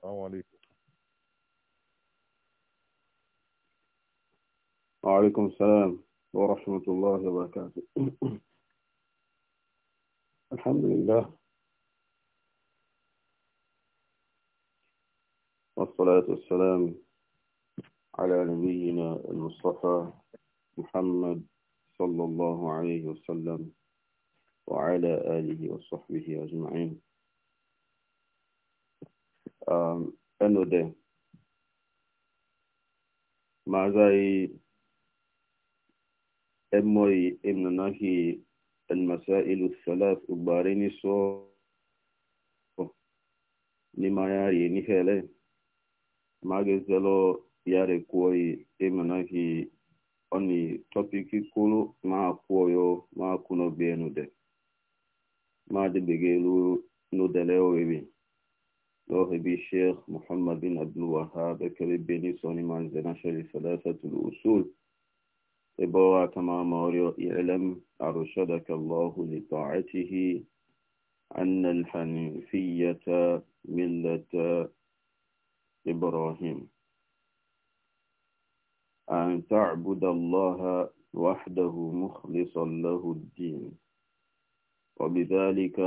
السلام عليكم وعليكم السلام ورحمة الله وبركاته الحمد لله والصلاة والسلام على نبينا المصطفى محمد صلى الله عليه وسلم وعلى آله وصحبه أجمعين enode mazai emoi imnanahi المسائل الثلاث وبارين سو نما ياري نخيلي magazelo yare kuoi imnanahi oni topiki kulu ma kuoyo ma kuno bi de ma de begelu no dele oebi صاحب الشيخ محمد بن عبد الوهاب كبير سوني مانزنا شري ثلاثة الأصول إبوا كما موريو إعلم أرشدك الله لطاعته أن الحنيفية ملة إبراهيم أن تعبد الله وحده مخلصا له الدين وبذلك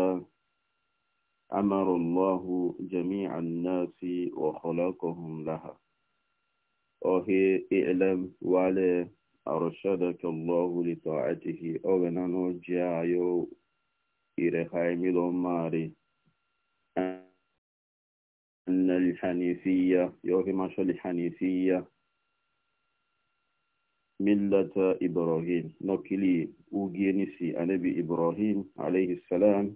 أمر الله جميع الناس وخلقهم لها وهي إعلم وعلى أرشدك الله لطاعته أغنى نرجع يو إرخاي ماري أن الحنيفية يوهي شاء الحنيفية ملة إبراهيم نوكلي أوجينيسي النبي إبراهيم عليه السلام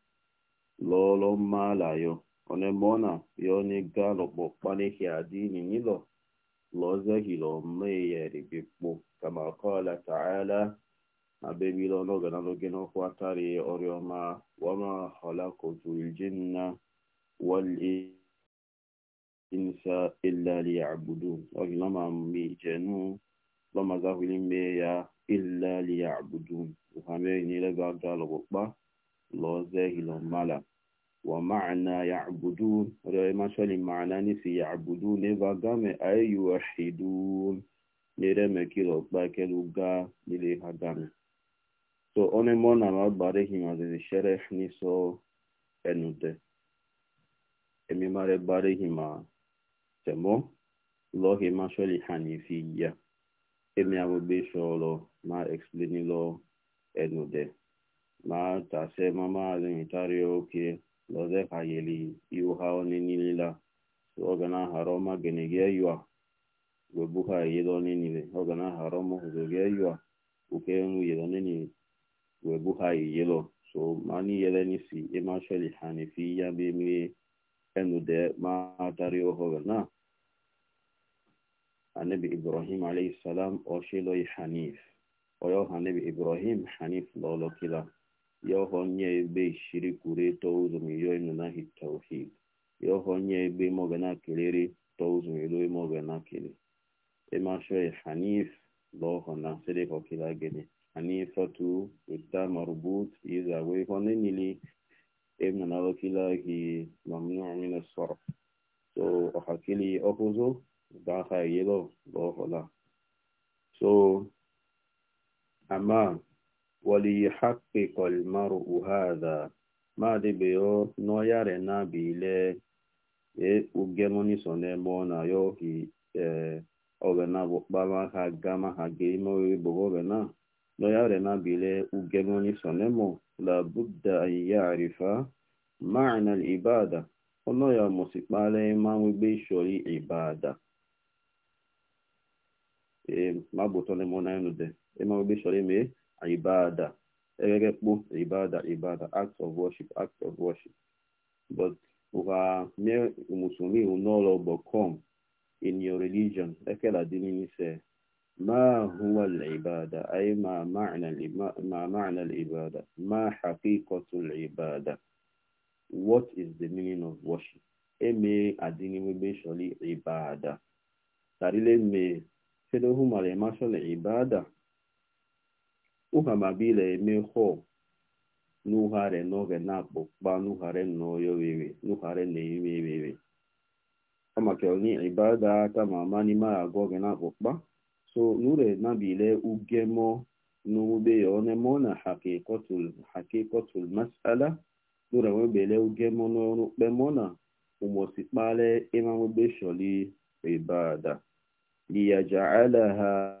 lolo mala yo one mona yo ni galo bo pani hiadi ni nilo loze hilo meyeri bipo kama qala ta'ala abebi lo no gana lo gino kwatari orioma wama khalaqatul jinna wali insa illa liya'budun ogilama mi jenu lọ́mọ záfìlì mẹ́ya ilẹ̀ àlìyà àbùdù òhàmẹ́ ìnílẹ́gbàgbà lọ́pọ̀pá lọ́ọ́zẹ́ ìlọ́mọ́là Wa ومعنى يعبدون مثلا معنى نسي يعبدون إذا أي يوحدون نرمى كيلو باكلو غا نليها غامي so one mona ma bare ma de shere ni so enute emi mare bare ma temo lo hima sholi hanifiya emi abo be sholo ma explain lo enude ma ta se mama de itario ke okay. lo lọdẹ ka yeli iwuha ọni nilila ọgana hara ọma genege yua gbebu ha yelo ninile ọgana hara ọma hozoge yua oke nru yelo ninile gbebu ha yelo so mani yele nisi ema sheli hanifi ya bi mi ẹnu dẹ máa darí ọhọrọ náà anabi ibrahim aleyhisselam ọṣẹ lọyẹ hanif ọyọ anabi ibrahim hanif kila yohonye ebe ishiri kwuru touzumyo inunahi tauhid yohonye ebe moge na-kelere touzumilo moge na-kele emasho hanif loho na sere kokila gene hanifatu uta marbut izawe hone nili emnanalo kila hi mamnu min asarf so ohakili ohuzo daha yelo loho la so ama وليحقق المرء هذا ما دبيو نويار نابيل ugemoni sonemo na yohi ogena bokpama ha gama ha geimo bogogena noyare ha ugemoni sonemo la bụ an yarifa ma'na al ibada ono ya musikpale ma wigbe isori ibada e ma butone mo na enude e ma me ibadah. Ibadah, ibadah, acts of worship, acts of worship. But uha mere musumi unolo bokom in your religion. Ekela dinini say, ما هو العبادة أي ما معنى ما معنى العبادة ما حقيقة العبادة What is the meaning of worship? Eme adini webe sholi ibada. Tarile me fedohum ale mashol ibada. uhamabile emeho nuhare n'oge na-akpọ kpa nuhare n'oyo wewe nuhare na-ewe wewe amaka ni ibada kama amani ma agwọ gị na-akpọ kpa so nure nabile ugemo n'owube ya onemo na hakikotul masala nure webele ugemo n'ọrụ kpemo na umosikpale imamube sholi ibada liyajalaha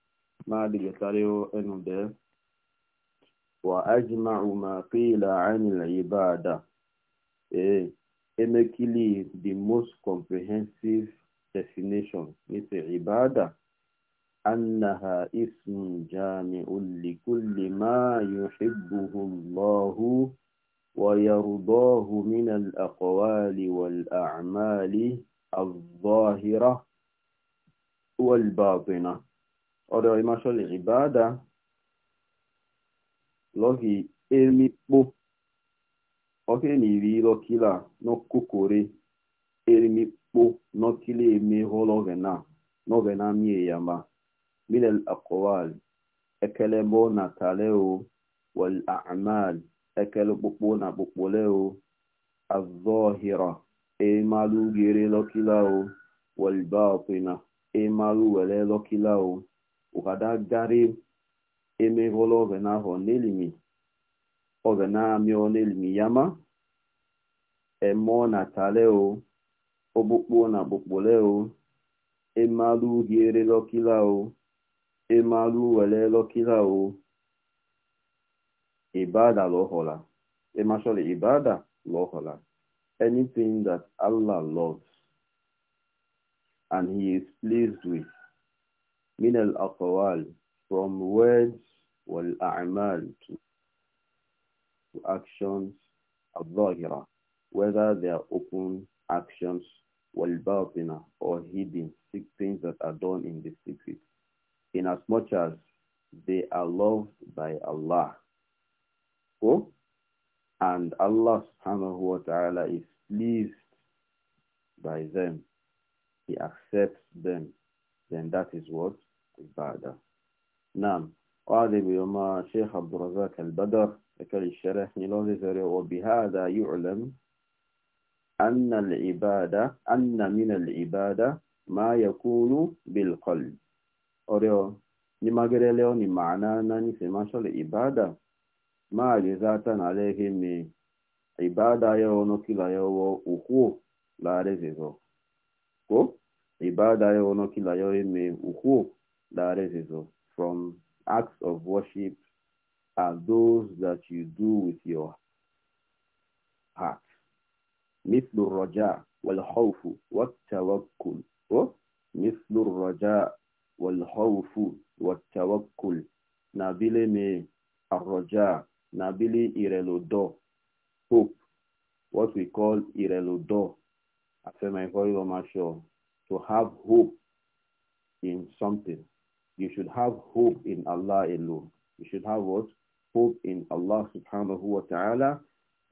ما بيتاريو انود واجمع ما قيل عن العباده ايه emekili the most comprehensive definition مثل عباده أنها اسم جامع لكل ما يحبه الله ويرضاه من الأقوال والأعمال الظاهرة والباطنة ọ̀dọ̀ ìmáṣọ́lẹ̀ ìbáadá lọ́gì erimikpo ọkẹ́ nìrí lọ́kílà n'ọkụkọrẹ erimikpo n'ọkịla eme họlọgena n'ọgena mie yama milel akọwal ekelebo na taleo wal amal ekele kpokpo na kpokpoleo azọhira emalu gere lọ́kílà o wal batina emalu wele lọ́kílà o ụkada gari emeghola ọgana ahụ n'elimi ọgana amịọ n'elimi yama emụọ na tale ọkpụkpụ na kpụkpụle emalu hiere lọkila emalu wele lọkila ibada lọhọla emashọli ibada lọhọla anything that allah loves and he is pleased with min al from words wal a'mal to actions al zahira whether they are open actions wal batina or hidden things that are done in the secret in as much as they are loved by Allah oh and Allah subhanahu wa ta'ala is pleased by them he accepts them then that is what بعده نعم وهذا بيوم شيخ عبد الرزاق البدر ذكر الشرح نيلوزي وبهذا يعلم أن العبادة أن من العبادة ما يكون بالقلب أريو لما قال له معنى أنني في شل عبادة ما جزات عليه من عبادة يونوكي لا يو أخو لا رزيزو كو عبادة يونوكي لا يو أخو that is it. from acts of worship are those that you do with your heart. مثل الرجاء والخوف والتوكل مثل الرجاء والخوف والتوكل نابلي من الرجاء نابلي إيرلودو hope what we call إيرلودو after my very sure to have hope in something you should have hope in Allah alone. You should have what? Hope in Allah subhanahu wa ta'ala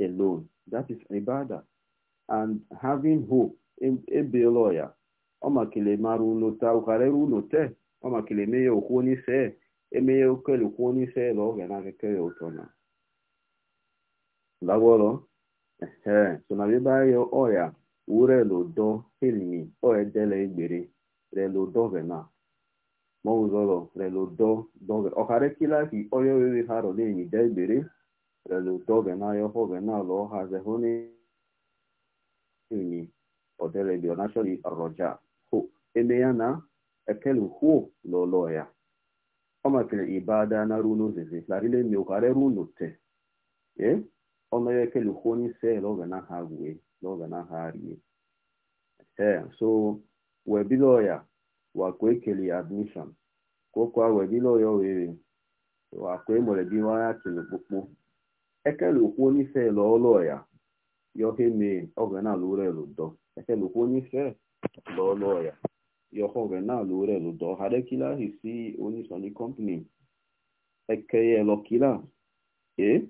alone. That is ibadah. And having hope, ebe lawyer, ọmakele mara unu taa ru unu tee ọmakele eme ya okwu onye ise mee ya okele okwu onye ise la lo ga na-akeke ya ụtọ na dagwọrọ ee so na ebe ahịa ọya wurelụdọ helmi ọedele egbere relodo vena maụzọrọ relodo doge ọkarịkịla ka onye oriri ha rọ na-enyi degbere relodoge n'ahịa n'ala enyi roja eme ya na ekelu hwo lọlọ ya ọ makere ibada na ruo n'ozeze larile te ee ọnụ ya ekelu na ha wee na ha ekele wakwekeli admission kokwa webiloyo were wakwemolebimaya kilukpukpu ekelukwu onyife lọọlọya yoheme ogenalureludo ekelukwu onyife lọọlọya yohogenalureludo harekila hisi onyisoni company ekeyelokila e eh?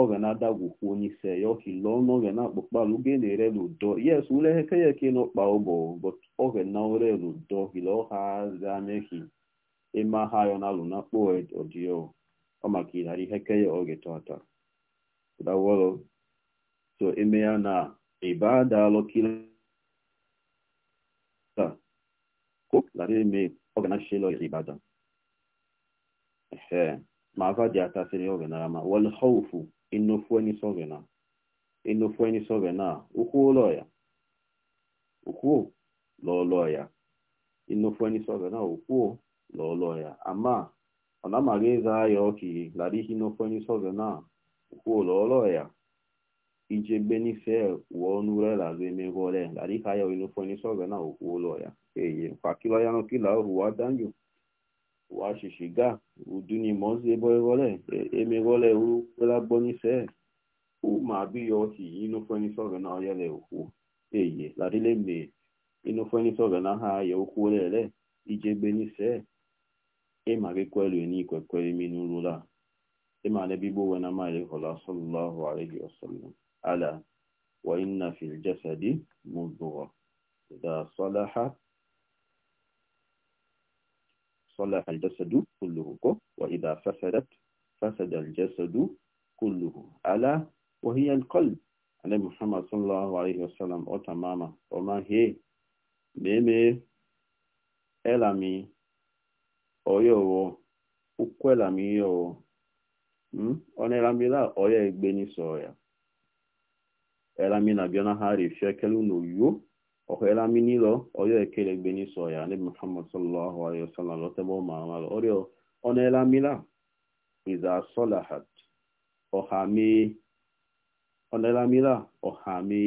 oge na-adagwukwu onye ise ya ọkile ọnụ oge na-akpọkpalụ oge na-ere ludo yes uleheke ya eke n'ọkpa ụgbọ but oge na ore ludo kile ọha zamehi ịma ha yọ na lụ na kpo odio e, ọmaka ịghara iheke ya oge tata dawolo so eme ya na ịba adaalụ kile lara eme oge na shelo ibadan ehe ma ava dị atasịrị oge na ama wal haufu inofuenisovena ukwu ụlọ ya ukwu lọlọ ya inofuenisovena ukwu lọlọ ya ama ọ na-amaghị ịza ya ọkii larihi inofuenisovena ukwu lọlọ ya ije gbenife wuo azụ emegwore ọrịa ya inofuenisovena ukwu ụlọ ya eye kwakilọ ya n'okila washishiga uduni mozi boivole emevole ukwela bonise umabiyoti inofenisoge na oyele ukwu eye larile me inofenisoge na ha ya ukwulele ijebenise emagekwelu nikwekweli minurula imane bibowe na maelekola sallallahu alaihi wasallam ala وإن في الجسد مضغة إذا صلحت صلح الجسد كله وإذا فسدت فسد الجسد كله ألا وهي القلب على محمد صلى الله عليه وسلم وتماما وما هي ميمي ألمي أيوه ukwelami يو onelamila oya egbeni soya elami na biona hari fiekelu no yo ọ̀hẹ́lá mi nílọ ọyọ́ ìkẹlẹ̀ gbé ní sọ̀yà ní muhammad sallallahu alayhi wa sallam lọ́tẹ́bọ̀ màmá lọ ọ̀rẹ́ ọ̀nẹ́lá mílà ìzà sọ́làhàd ọ̀hàmì ọ̀nẹ́lá mílà ọ̀hàmì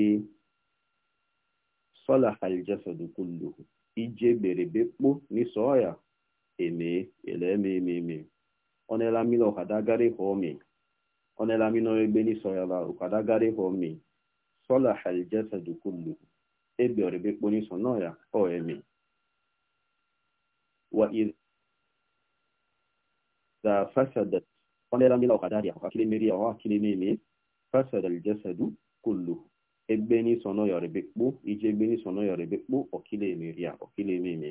sọ́làhà ìjẹsọ̀dù kúlù ìjẹ bèrèbè pọ̀ ní sọ̀yà èmi ẹlẹ́mìmìmì ọ̀nẹ́lá mílà ọ̀hàdágárí họ́ọ̀mì ọ̀nẹ́lá mílà ẹgbẹ́ ní sọ̀yà ọ̀hàdágárí họ́ọ̀mì sọ́làhà ìjẹsọ̀dù kúlù ebiọrịba ekponye so nọ ya ọ eme wa iza fasadat ọnera mila ọkadari akwa kiri meri ọwa kiri n'ime fasada aljasadu kullu egbe ni sọnọ yọrịba ekpo ije egbe ni sọnọ yọrịba ekpo ọkile emeri a ọkile ememe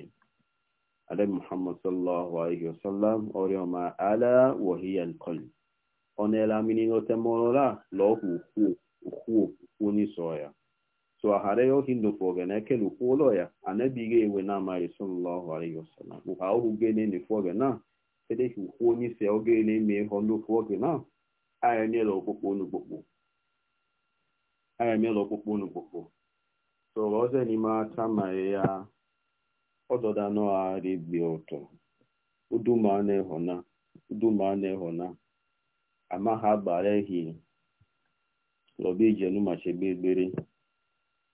alẹ́ muhammad sallallahu alayhi wa sallam ọrẹ ọmọ alẹ́ wọ̀híyà kọlù ọ̀nà ẹ̀lámi ni ọtẹ mọ́ra lọ́ọ̀hù òkú òkú òkú ní so aghara ya ohi nnukwu ogene ekelukwu ụlọ ya anabighị ewe na amaghị sọlọlọhụ alaihi wasalam ụha ohu na nnefu oge na edeghị ukwu onye isi oge na-eme ịhọ nnukwu oge na ayanyela okpukpo onukpukpo ayanyela okpukpo onukpukpo soro ọzọ n'ime aka ma ya ọdọda nọgharị bi ụtọ uduma na-ehona uduma na-ehona ama ha gbara ehi lọba ije numachi egbe ebere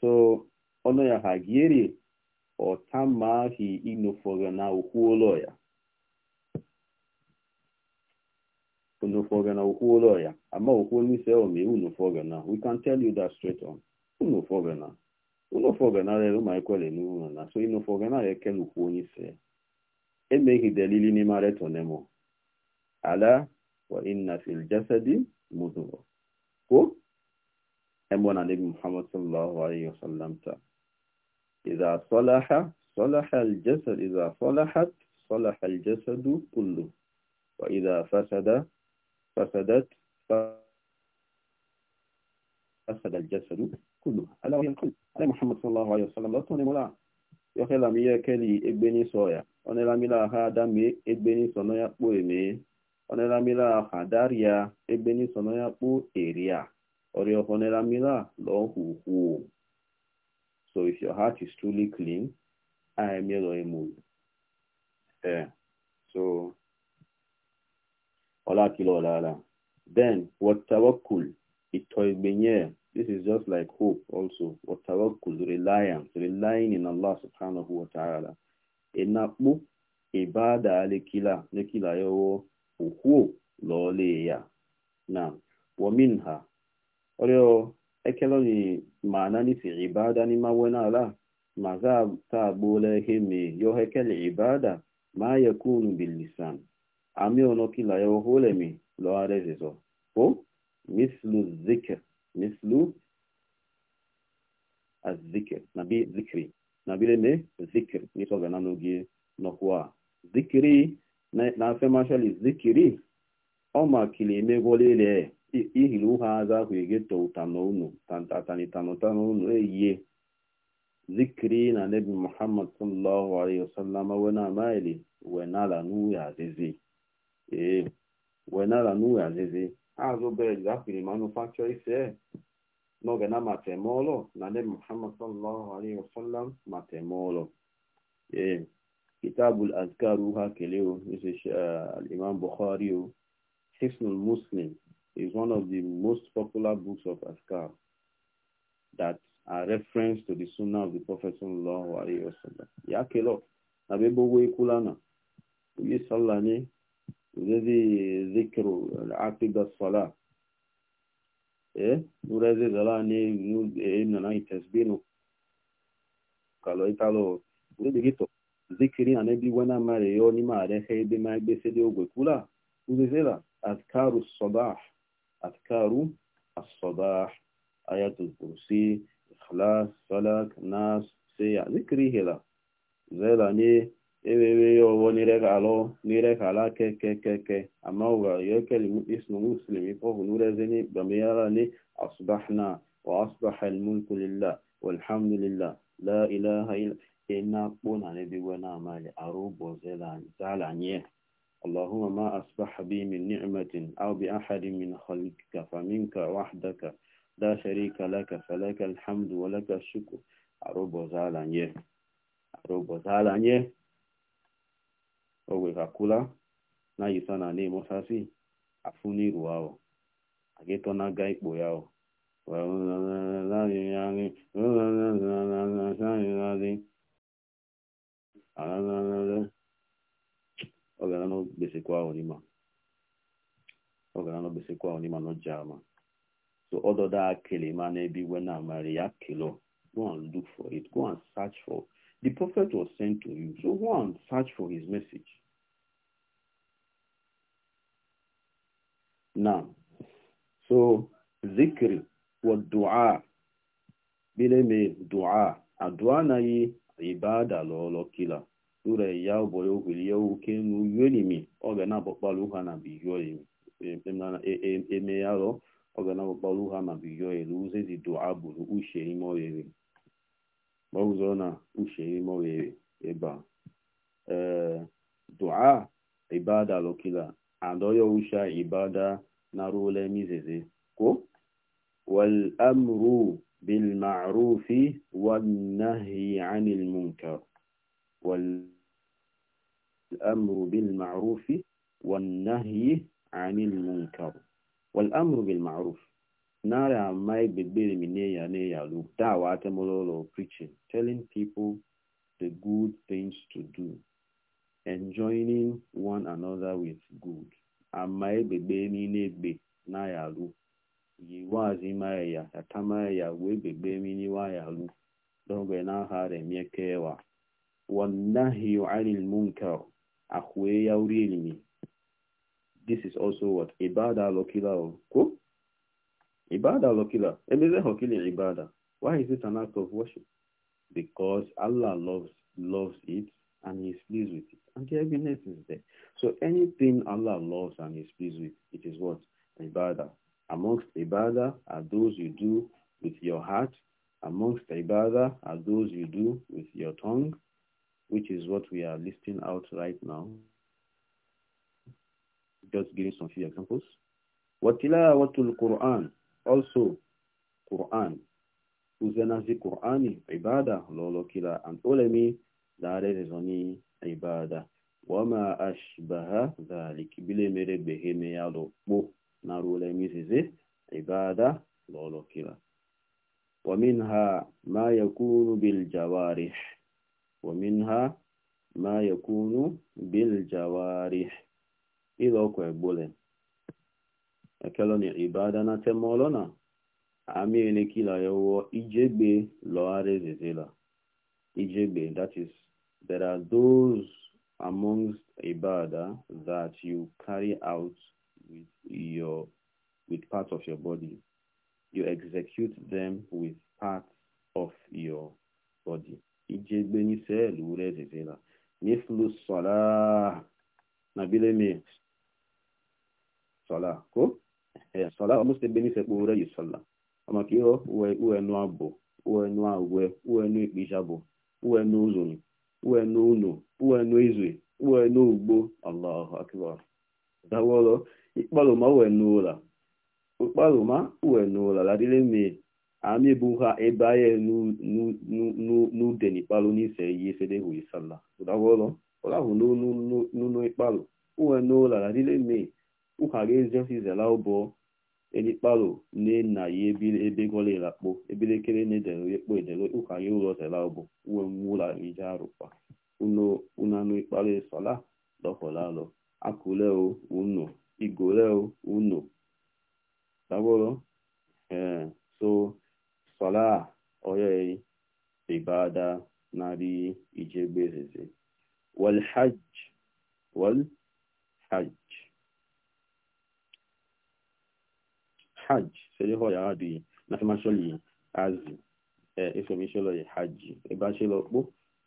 so ọnụ ya ha gieri ọtamahi inofọga na ukwu ụlọ ya unofoga na ụlọ ya ama ukwu n'ise ome unofoga na we can tell you that straight on na unofoga na ekwele n'ụlọ na so na ekele onye emeghị delili n'ime aretonemo ala wa inna fil jasadi أمونا نبي محمد صلى الله عليه وسلم تا إذا صلح صلح الجسد إذا صلحت صلح الجسد كله وإذا فسد فسدت فسد الجسد كله ألا وهي القلب على محمد صلى الله عليه وسلم لا توني ملا يخي لامي يكلي إبني صويا أنا لامي لا هذا مي إبني صنويا بوي مي أنا لامي لا هذا ريا إبني صنويا بو إريا Or your So if your heart is truly clean, I am Elohimul. Yeah. So Ola la. Then what tawakul it this is just like hope also. What tawakul reliance, relying in Allah subhanahu wa ta'ala. Enakbu ibada alekila nekila yowo uhu ya. Now, waminha oreo ekeloni maanani fi ibada ni mawena ala maza taabule heme yo hekele ibada ma yakunu bilisan ami ono kila yo holemi lo arezezo o mislu zikr mislu azikr nabi zikri nabile me zikr ni so gana nogi nokwa zikri na afema shali zikri o ma kile megolele ihi na ụha azụ ahụ egeto ụtana unu tanitanotanụ unu eyie zikiri na nebi muhammad sallallahu alaihi wasallam na amaili wenala n'uwe azizi ee wenala n'uwe azizi azụ bel zapiri manufacture ise n'oge na matemolo na nebi muhammad sallallahu alaihi wasallam matemolo ee kitabul azkar uha keleo isi al'imam bukhari حسن المسلم is one of the most popular books of Askar that are reference to the Sunnah of the Prophet sallallahu alaihi wasallam. Ya kelo, na bebo we kulana. Uye sallani, urezi zikru, al-aqidah salah. Eh, urezi zalani, ibn nai tesbinu. Kalo italo, urezi gito. Zikri anebi wena mare yo ni maare hebe maegbe sede ogwe kula. Urezi la, azkaru sabah. أذكار الصباح آيات الكرسي إخلاص فلك ناس سيع ذكري هلا زيلاني إيه إيه إيه هو نيرك على نيرك على ك ك ك ك أما هو يكل اسم مسلم يفوق نور زني بميراني أصبحنا وأصبح الملك لله والحمد لله لا إله إلا إنا بنا نبي ونا مال أروب وزيلاني زعلانيه اللهم ما أصبح بي من نعمة أو بأحد من خلقك فمنك وحدك لا شريك لك فلك الحمد ولك الشكر أروبو زالانيه أروبو زالانيه أوي كاكولا نا يسانا ني موساسي أفوني رواو أجيتو نا غاي بوياو ولا ọgara na gbesekwa onima ọgara na gbesekwa onima n'ọja ama so ọdọda akele ma n'ebe igwe na maria ya kelo go and look for it go and search for the prophet was sent to you so go and search for his message now so zikri wa du'a bile me du'a adua na ibada lọlọ kila ure ya ya uboyo kulia ukenu yelimi ogana bokpalu hana biyoyi emna emeyalo e, e, ogana bokpalu hana biyoyi luze di dua buru ushe imoyere mawuzona ushe imoyere eba eh dua ibada lokila ya usha ibada narule mizeze ko والأمر والأمر بالمعروف والنهي عن المنكر والأمر بالمعروf nara amai bebere mine ya ne ya lu preaching telling people the good things to do and joining one another with good amai bebe mine be na ya lu yiwazi maya ya tamaya we bebe mini wa ya lu na ha re miekewa وَالنَّهِيُ عَنِ الْمُنْكَرِ أَخْوَيَ يَوْرِيلِنِي This is also what? Ibadah lokila. Ko? Ibada lokila. ibada? Why is it an act of worship? Because Allah loves loves it and He is pleased with it. And the evidence is there. So anything Allah loves and is pleased with, it is what? Ibadah. Amongst ibadah are those you do with your heart. Amongst ibadah are those you do with your tongue which is what we are listing out right now. Just giving some few examples. Watilawatul Quran, also Quran. Uzanazi Qurani, ibada, lolo kila, and ulemi, dare rezoni, ibada. Wama ashbaha dhalik, bile mere beheme yalo, bu, naru ulemi zizi, ibada, lolo kila. ومنها ما يكون بالجوارح ومنها ما يكون بالجوارح إذا كبول أكلني عبادنا تمولنا أمي نكيلا يو إجيبي لواري زيزيلا إجيبي that is there are those amongst ibada that you carry out with your of your body you execute them with part of your body ijegbe ni sẹ́ẹ̀lù rẹ̀ tètè la mithlu sọ̀lá nàbílẹ̀ mi sọ̀lá kó ẹ̀ sọ̀lá ọmọ sì gbé ní sẹ́pọ̀ rẹ̀ yìí sọ̀lá ọmọ kì í rọ wọ ẹnu àbò wọ ẹnu àwẹ wọ ẹnu ìpìṣàbò wọ ẹnu òzòrì ẹnu ònò ẹnu ìzùì ẹnu ògbó allah akbar dáwọ́ lọ ìpàlùmá wọ ẹnu òlà ìpàlùmá wọ ẹnu òlà ládílé ami ha ebaye n'udeni kpalo n'ise yi sedehu isala ụdagwọlọ ụlahụ n'ụlọ ikpalo e uwe n'ụlara rile me ụhaga eziosizela ụbọ enikpalo nne na ya ebegola ilakpo ebilekere na-edelo ekpo edelo ụhaga ụlọ zela ụbọ uwe mwụla ije arụkwa unanụ ikpalo esala lọkọlalọ akụle unu igole unu ụdagwọlọ ee so salah oyoyi ibada na ije gbezeze wal hajj hajj hajj sele bi na fi masholi azi e ife hajj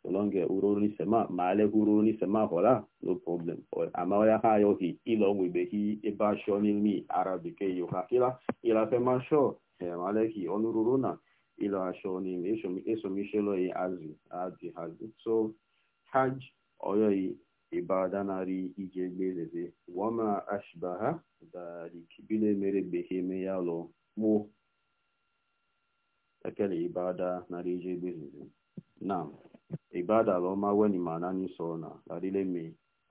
ma le uro ni no problem ama ya ha yo hi ilo ngwe be hi e ba ke maleki ọnụrụrụ na ịlọ achọ n'ime esomichelo ya azụ adị hazi so hajj ọyọghị ibadanari ije gbeleze wama ashbaha darikibile mere behe eme ya lọ mụ ekele ibada nari ije gbeleze na ibada lọma weni mana n'iso na darile me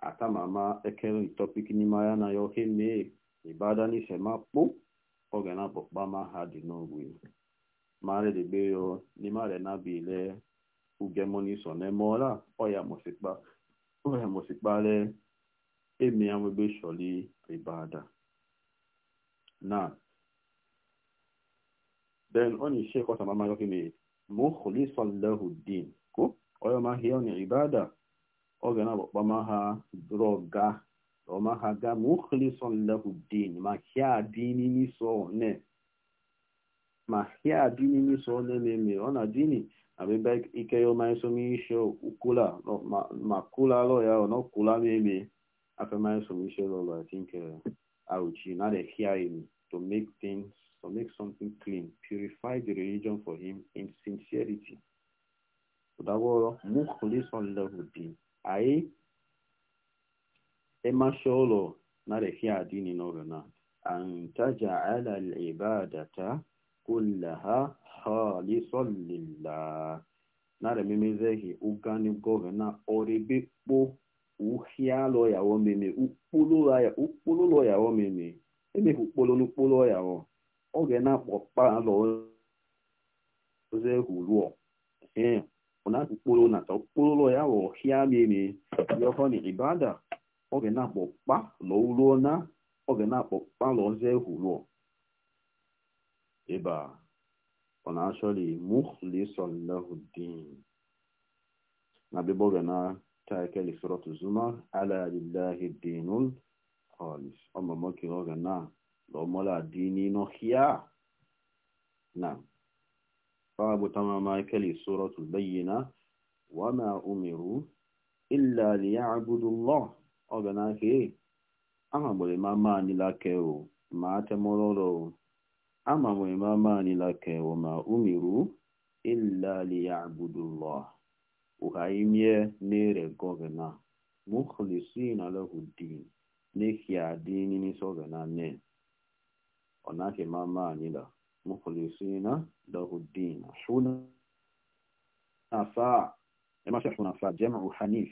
atamama ekele topic n'ime ya na ya ohe mee ibada n'ise ma kpụ ọ ga na bụkpama ha dị n'ogwe marịrịbeyo n'imare na bile ugemoniso nemola oya mosikpa oya mosikpale emiya nwebe sholi ribada na then oni sheikh kọta mama yoki me mukhlisan lahu din ko oyo ma hiyo ni ibada ga na bụkpama ha droga وما هذا مخلص له الدين ما هي ديني نسون ما هي ديني نسون ميمي أنا ديني أبي بك إكيو ما يسمي شو أكولا ما ما كولا لو يا أنا كولا ميمي أفهم ما يسمي شو لو I think uh, أوجي not a hearing to make things to make something clean purify the religion for him in sincerity. That was مخلص له الدين أي ụlọ emasolo narejea dini norona an taj'ala al-ibadata kullaha khalisan lillah nare memezehi ugani governor oribe kpo uhialo ya omeme ukpulu ya ukpulu ya omeme emehi ukpulu n'ukpulu ya o oge na-akpọkpa alọ ozehuruo ee ọ na-akpụkpụrụ na ta ụkpụrụ ya wụ hịa meme yọhọ na ibada oge na-akpọkpa lọruo na oge na-akpọkpa lọzie huruo ebe a ọ na-achọli muhlisolahudin na bebo oge na taikeli e surat zumar ala lillahi dinul khalis ọmụmọkiri oge na lọmọla dini nohia na babu tamama e keli suratul bayyina wama umiru illa liya'budu allah ọga n'aka e amagbere m ama anyị lakeo ma atemụrụrọ Ama m ama anyị lakeo ma umiru ilaliyabudullah uhaimie n'ere gọvana mukhlisin alahudin n'ehiadin n'isi ọgana nne ọ naghị m ama anyị la mukhlisin lahudin huna afa ema shekh hunafa jam'u hanif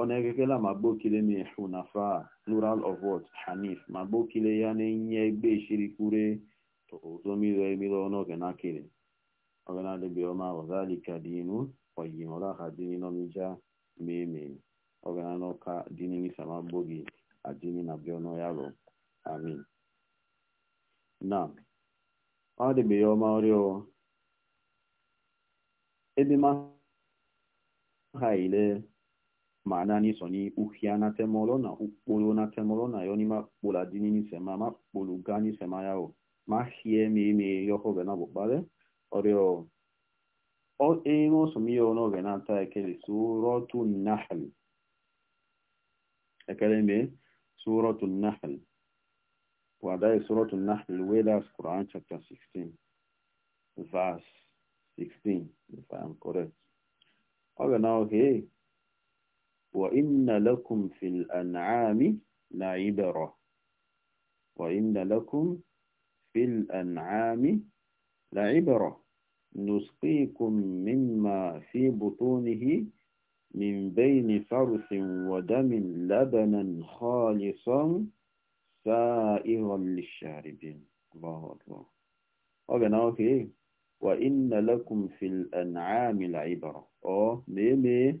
Ọ na-ekekela onegekela ma gbokile ma hunafa plural of what hanif ma gbokile ya na-enye egbe shirikwure ụzọmiro emiro n'oge na kere oge na-adịghị ọma ọzalika dinu ọyim ọlaha dini n'omija meme oge na n'ụka dini nisama gbogi adini na bịa ọnụ ya lụ amin na ọ dịbeghị ọma ọrịọ edema ha ile maana ni soni uhiana temolo na upolo na temolo na yoni ma pola dini ni sema ma polu gani sema yao ma hie mi mi yoho gana bobale oreo o emo sumio no gana ta ekeli suratu nahl ekeli me suratu nahl wadae suratu nahl wedas quran chapter 16 verse 16 if i am correct okay وإن لكم في الأنعام لعبرة وإن لكم في الأنعام لعبرة نسقيكم مما في بطونه من بين فرث ودم لبنا خالصا سائغا للشاربين الله أكبر أوكي وإن لكم في الأنعام لعبرة أو أه، ميمي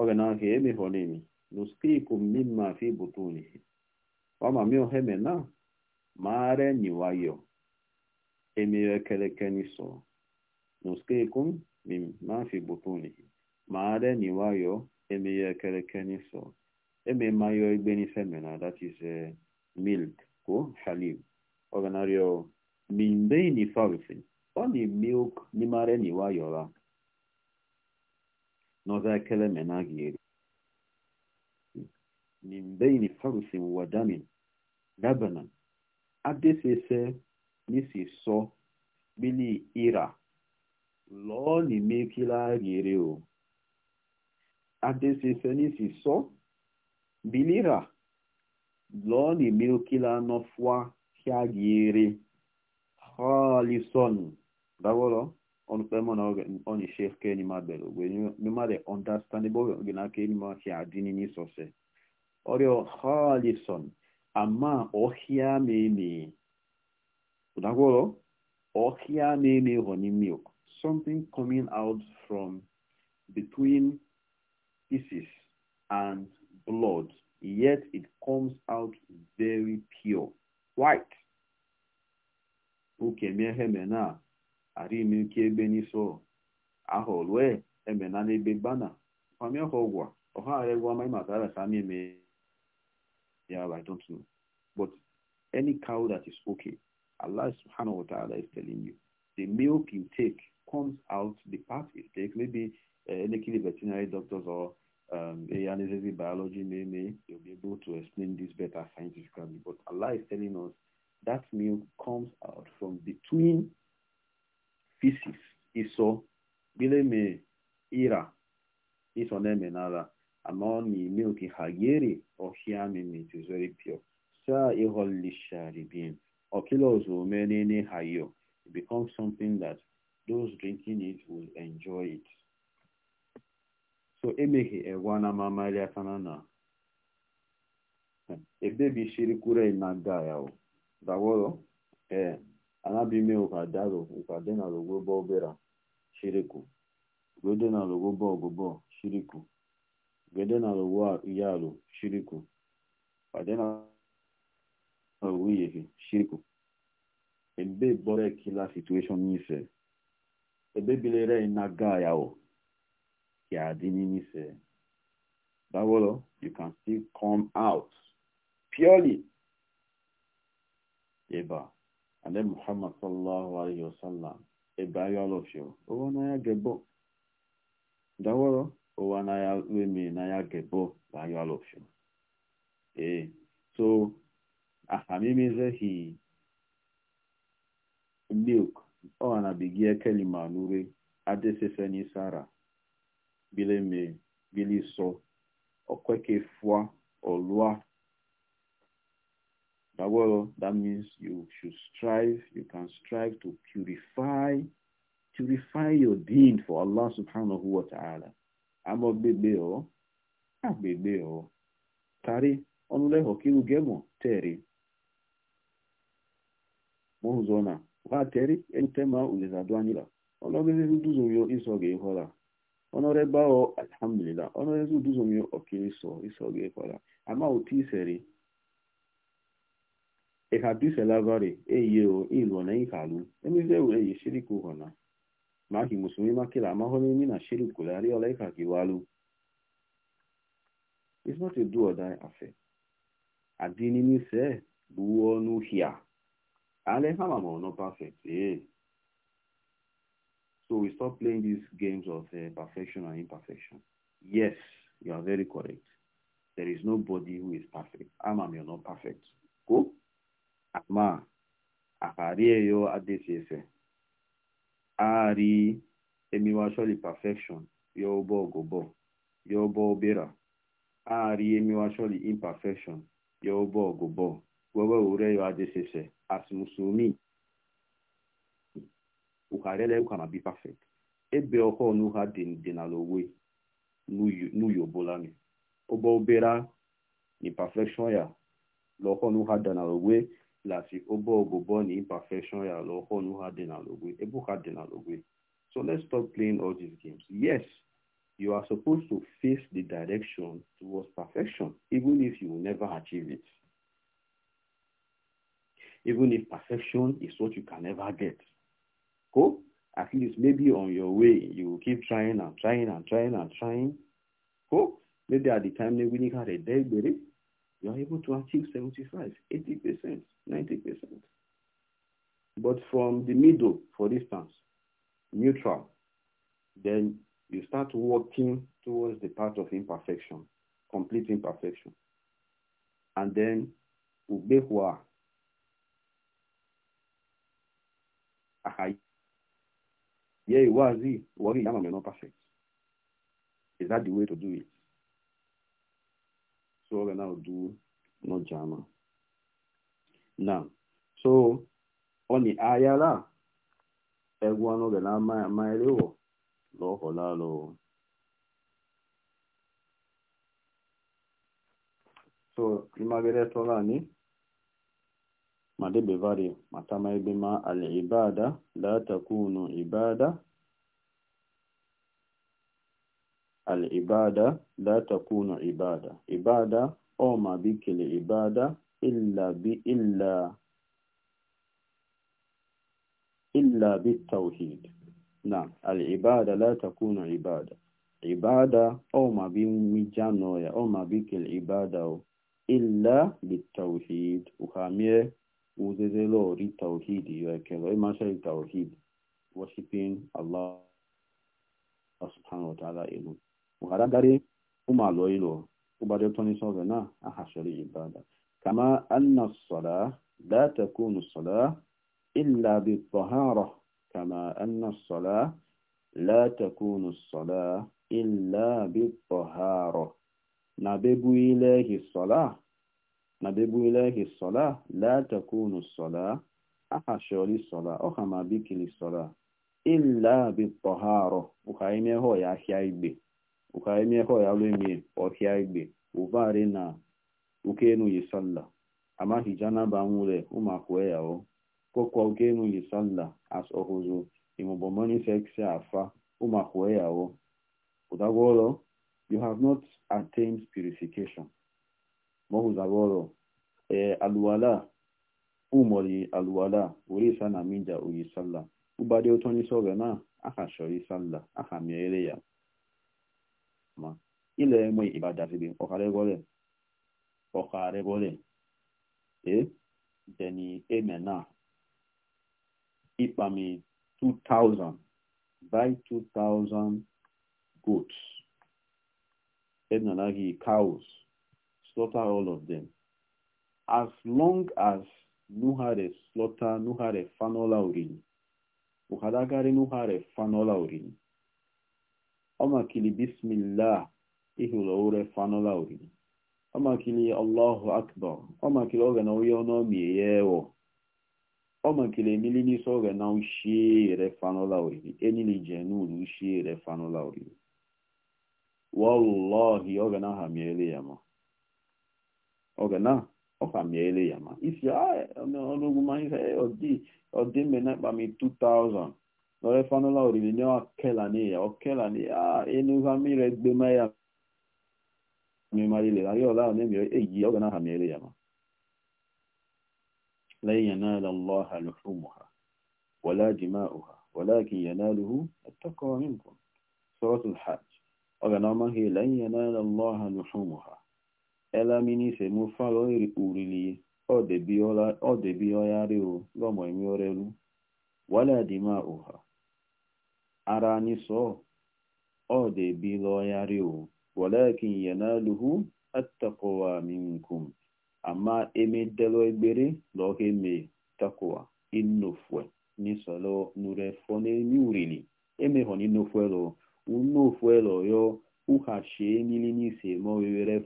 ogenake emi holimi nuskikum mimma fi butuni. wama mio heme na mare niwayo emiwekelekeni so nuskikum mimma fi butuni. mare niwayo emiwekelekeni so eme mayo igbeni femena that is uh, milk ko halib oganario min beini falsin oni milk ni mare niwayo la نوذا كلمة ناجيري من بين حرس ودم لبنا أدسيسة نسي سو بلي إيرا لو نميكي لا غيريو أدسيسة نسي سو بلي إيرا لو نميكي لا نفوا كاغيري خالصون دولو on femon organ on a chef ke ni mabelo when you no matter understandable gina ke ni ma ki adini ni sose oryo khalison ama ohia meme udagolo ohia meme honi milk something coming out from between pieces and blood yet it comes out very pure white okay me hemena ebe n'iso n'ebe ọha ịmata i don't know but any cow that is okay allah subhanahu wa ta'ala is telling you the milk you take comes out the part it takes maybe uh, veterinary doctors or um, a biology may, may you'll be able to explain this better scientifically. But Allah is telling us that milk comes out from between physics iso bile me ira iso neme nala ama ni milki hageri ohiami mitizori pio sa iholisharibin okilos umenene hayo it becomes something that those drinking it will enjoy it so emeghi egwana mamali akana na ebebi shirikure na gaya o daworo eh anabime ukadalo ukadena logobo obera shiriku gede na logobo ogobo shiriku gede na logo iyalo shiriku padena logo yehi shiriku ebe bore kila situation nise ebe bilere ina ga ya dị nise dawolo you can still come out purely eba and then Muhammad sallallahu alayhi wa sallam ebaya all of you owa na ya gebo daworo owa na ya wemi na ya gebo baya all of you eh so ahamimize hi milk ọ na-abigie kelima n'ure adesese n'isara bileme bilisọ okwekefua olua Taworo, that means you should strive, you can strive to purify, purify your deen for Allah subhanahu wa ta'ala. Amagbegbe o, agbegbe o, kari ọnụleghọ ka irugemo teri. Mụzọ na wa teri entema ulezadu anyila. Ọlọgezi duzomyo iso ga-ehọla. Ọnọreba o alhamdulillah. Ọnọrezi duzomyo okiri so iso ga-ehọla. Ama otu isere ehadise lavari eyeo ilona ihalu emizeu eye shiriku hona mahi makila mahonemi na shiriku lari ola It's not a do or die affair. Adini ni se buo nu hia. Ale hama mo no perfect. Yeah. So we stop playing these games of uh, perfection and imperfection. Yes, you are very correct. There is nobody who is perfect. I'm, I'm you're not perfect. Cool? ma ahariyo adesiese ari emiwacholi perfection yobo ogobo yobo obera ari emiwacholi imperfection yobo ogobo wewe ureyo adesiese as musumi uharele ukana bi perfect ebe ọkọ lowe dị n'ala owe n'uyobolami ụgbọ obere ni perfection ya lọkọ n'ụha dị n'ala lowe. lasi obo ogobo ni imperfection ya lo honu ha de na logwe ebu ha de na logwe so let's stop playing all these games yes you are supposed to face the direction towards perfection even if you will never achieve it even if perfection is what you can never get go at least maybe on your way you will keep trying and trying and trying and trying go maybe at the time they winning had a day you are able to achieve 75, 80%, 90%. But from the middle, for instance, neutral, then you start working towards the path of imperfection, complete imperfection. And then ubehua yeah, it was it. Worry, I'm not perfect. Is that the way to do it? so we're now do no jama now so on the ayala egwu no gana ma ma elewo lo hola lo so imagere tola ni madebe vari matama ebima al ibada la takunu ibada العبادة لا تكون عبادة عبادة أو ما بك العبادة إلا بإلا إلا بالتوحيد نعم العبادة لا تكون عبادة عبادة أو ما بمجانوية أو ما بك العبادة إلا بالتوحيد وخامية وزيزلو ري توحيد يوكلو إما شاء التوحيد worshiping Allah subhanahu wa ta'ala alone. وهرادري وما لويلو وبعد توني صوبنا أحشر إبادة كما أن الصلاة لا تكون الصلاة إلا بالطهارة كما أن الصلاة لا تكون الصلاة إلا بالطهارة نبيبو إليه الصلاة نبيبو إليه الصلاة لا تكون الصلاة أحشر الصلاة أخما بك للصلاة إلا بالطهارة وخايمه هو يا أخي ukaemeko yalwemie ohiaigbe uvare na ukenu yisalla ama hijana banwule umakwe yao kokwa ukenu yisalla as ọhụzụ, ohuzu imubomoni seksi afa umakwe yao udagwolo you have not attained purification mohuzagwolo e, aluwala umori aluwala isa na minja uyisalla ubade otonisoge na aha shori salla aha miere ya ma ilẹ̀ ẹmọ ìbàdàsíbi ọ̀kàrẹ́gọ́lẹ̀ ọ̀kàrẹ́gọ́lẹ̀ ẹ́ dẹni ẹmẹ náà ìpàmì 2000 by 2000 goats ẹ̀dùnàlági cows slaughter all of them as long as nuhare slaughter nuhare fanola orini òkàdágárí nuhare fanola orini ọma ọmakili bismillah ihu ụre fanola oriri ọmakili allahu akbar ọmakili oge na onye ọnọmie ya ewo ọma ọmakili emili n'isi oge na ushiere fanola oriri enili jenul ushiere fanola oriri wallahi oge na ha miele ya ma oge na ọka miele ya ma isi ọnụogwu ma ihe ọdị ọdị mmena ịkpa 2000 lọ́rẹ́ fánúlá òrìlì ní na ní ìyà ọ̀kẹ́là ní inú mmiri rẹ̀ gbé mẹ́yà mi máa lè láyé ọ̀la ní mi èyí ọ̀gá náà hàmì ẹ̀rẹ́ yàmá lẹ́yìn náà lọ́lọ́ ha wọlá jìmá òhà wọlá kì náà lùhù ẹ̀tọ́kọ̀ nìkan sọ́rọ́tù hajj ọ̀gá náà máa ń hẹ lẹ́yìn náà ha àlùfùmùhà ẹlámi ní ìṣẹ̀mú fálọ́ òrìlì ọ̀dẹ̀bí ọ̀yá rí o lọ́mọ ẹ̀mí ọ̀rẹ́rú wọlá dìmá òhà ara anyị sọọ ọ debila ọyarị o walakin yanaluhu attaqwa minkum ama emedelo egbere lọheme takwa inofwe nisalo nurefọnemi urili emehọ ninofuelo unofuelo yo uhashie nili nise mo wewere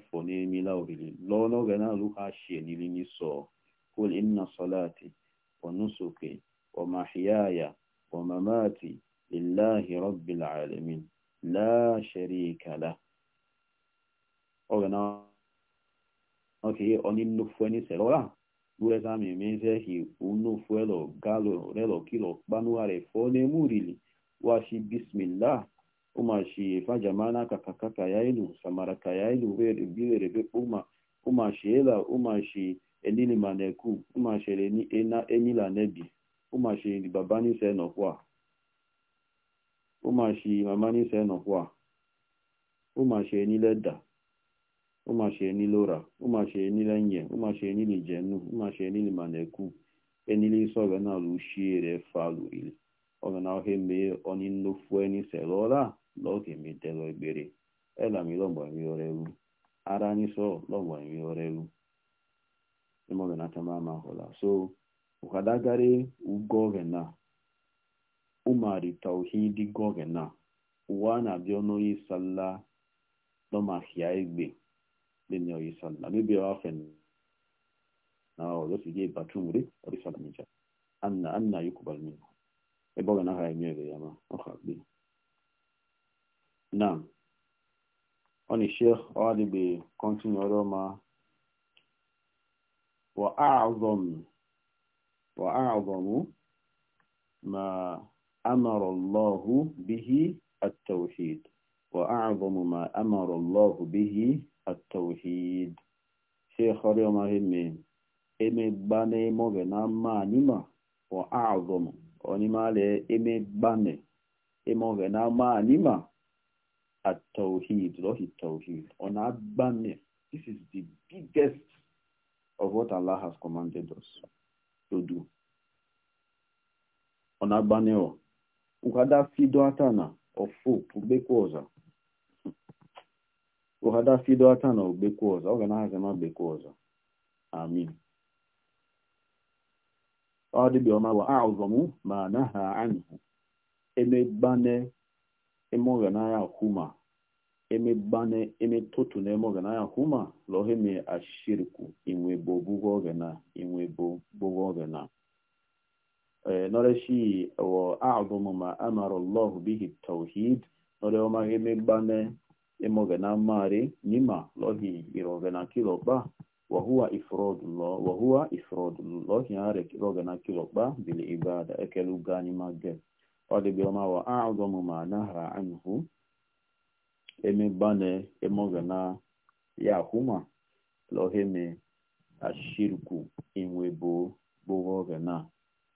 urili lọnọge na luhashie niso qul inna salati wa nusuki wa mahyaya wa mamati lillahi rabbil alamin la sharika la ogana oke oni nufu ni selola uweza mimeze hi unufu elo galo relo kilo banuare fone murili washi bismillah umashi fajamana kakakaka yailu samaraka yailu were bilere be uma umashi ela umashi enili maneku umashele ni ena enila nebi umashi ni babani senokwa ó máa ṣe màmá ní a. wà ó máa ṣe nílẹ̀ dà ó máa ṣe nílòrà ó máa ṣe nílẹ̀ yẹn ó máa ṣe nílẹ̀ jẹ̀nu ó máa ṣe nílẹ̀ mànẹ́kù ẹnilẹ̀ sọ̀rọ̀ náà ló ṣe rẹ̀ fa lórí náà ló fún sẹ̀rọ̀ lọ́ọ̀kì mi tẹ́lọ ìgbèrè làmì lọ́gbọ̀n mi ọ̀rẹ́ ara ní lọ́gbọ̀n mi ọ̀rẹ́ náà tẹ́ máa máa umari tauhidi gogena wana biono isalla domahia salla, lenyo isalla nibi wafen na ozo sije batumuri orisala nija anna anna yukubal minhu eboga na haya nyewe yama okhabi Na. oni sheikh ali bi continue ma. wa a'zam wa a'zamu ma أمر الله به التوحيد وأعظم ما أمر الله به التوحيد شيخ اليوم همين إمي باني مغنى ما نما وأعظم ونما لي إمي باني ما نما التوحيد التوحيد This is the biggest of what Allah has commanded to do. uhadafido na ofu ọzọ ugbekwoza na atana ọzọ ọ ga na-ahazi ma ọzọ. amin ọ dịbịa ọma wa azọmụ ma naha anhu emegbane emoganaghị ahụma emegbane emetotu na emoganaghị ahụma lọheme ashirku inwebo bụgo ogena inwebo bụgo ogena Eh, nọrọ shi wọ a'zụmụ ma amara Allah bihi tawhid nọrọ ọma emegbane emoge na mmari nima lohi iroge na kilokpa wahuwa ifrodullah wahuwa ifrodullah yare kiroge na kilokpa bil ibada ekelu gani mage ọdịbi ọma wa a'zụmụ ma nahara anhu emegbane emoge na yahuma loheme ashirku inwe bo bogo na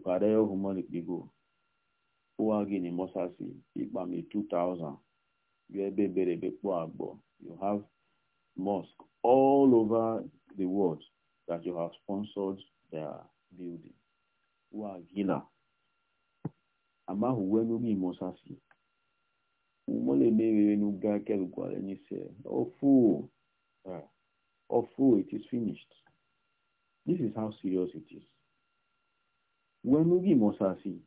ukare yo humani pigo uwagi ni mosasi ibami 2000 you ebe bere bepo agbo you have mosque all over the world that you have sponsored their building uwagina amahu wenu mi mosasi umole mewe wenu gake lukwale ni se ofu ofu it is finished this is how serious it is When we Mosasi,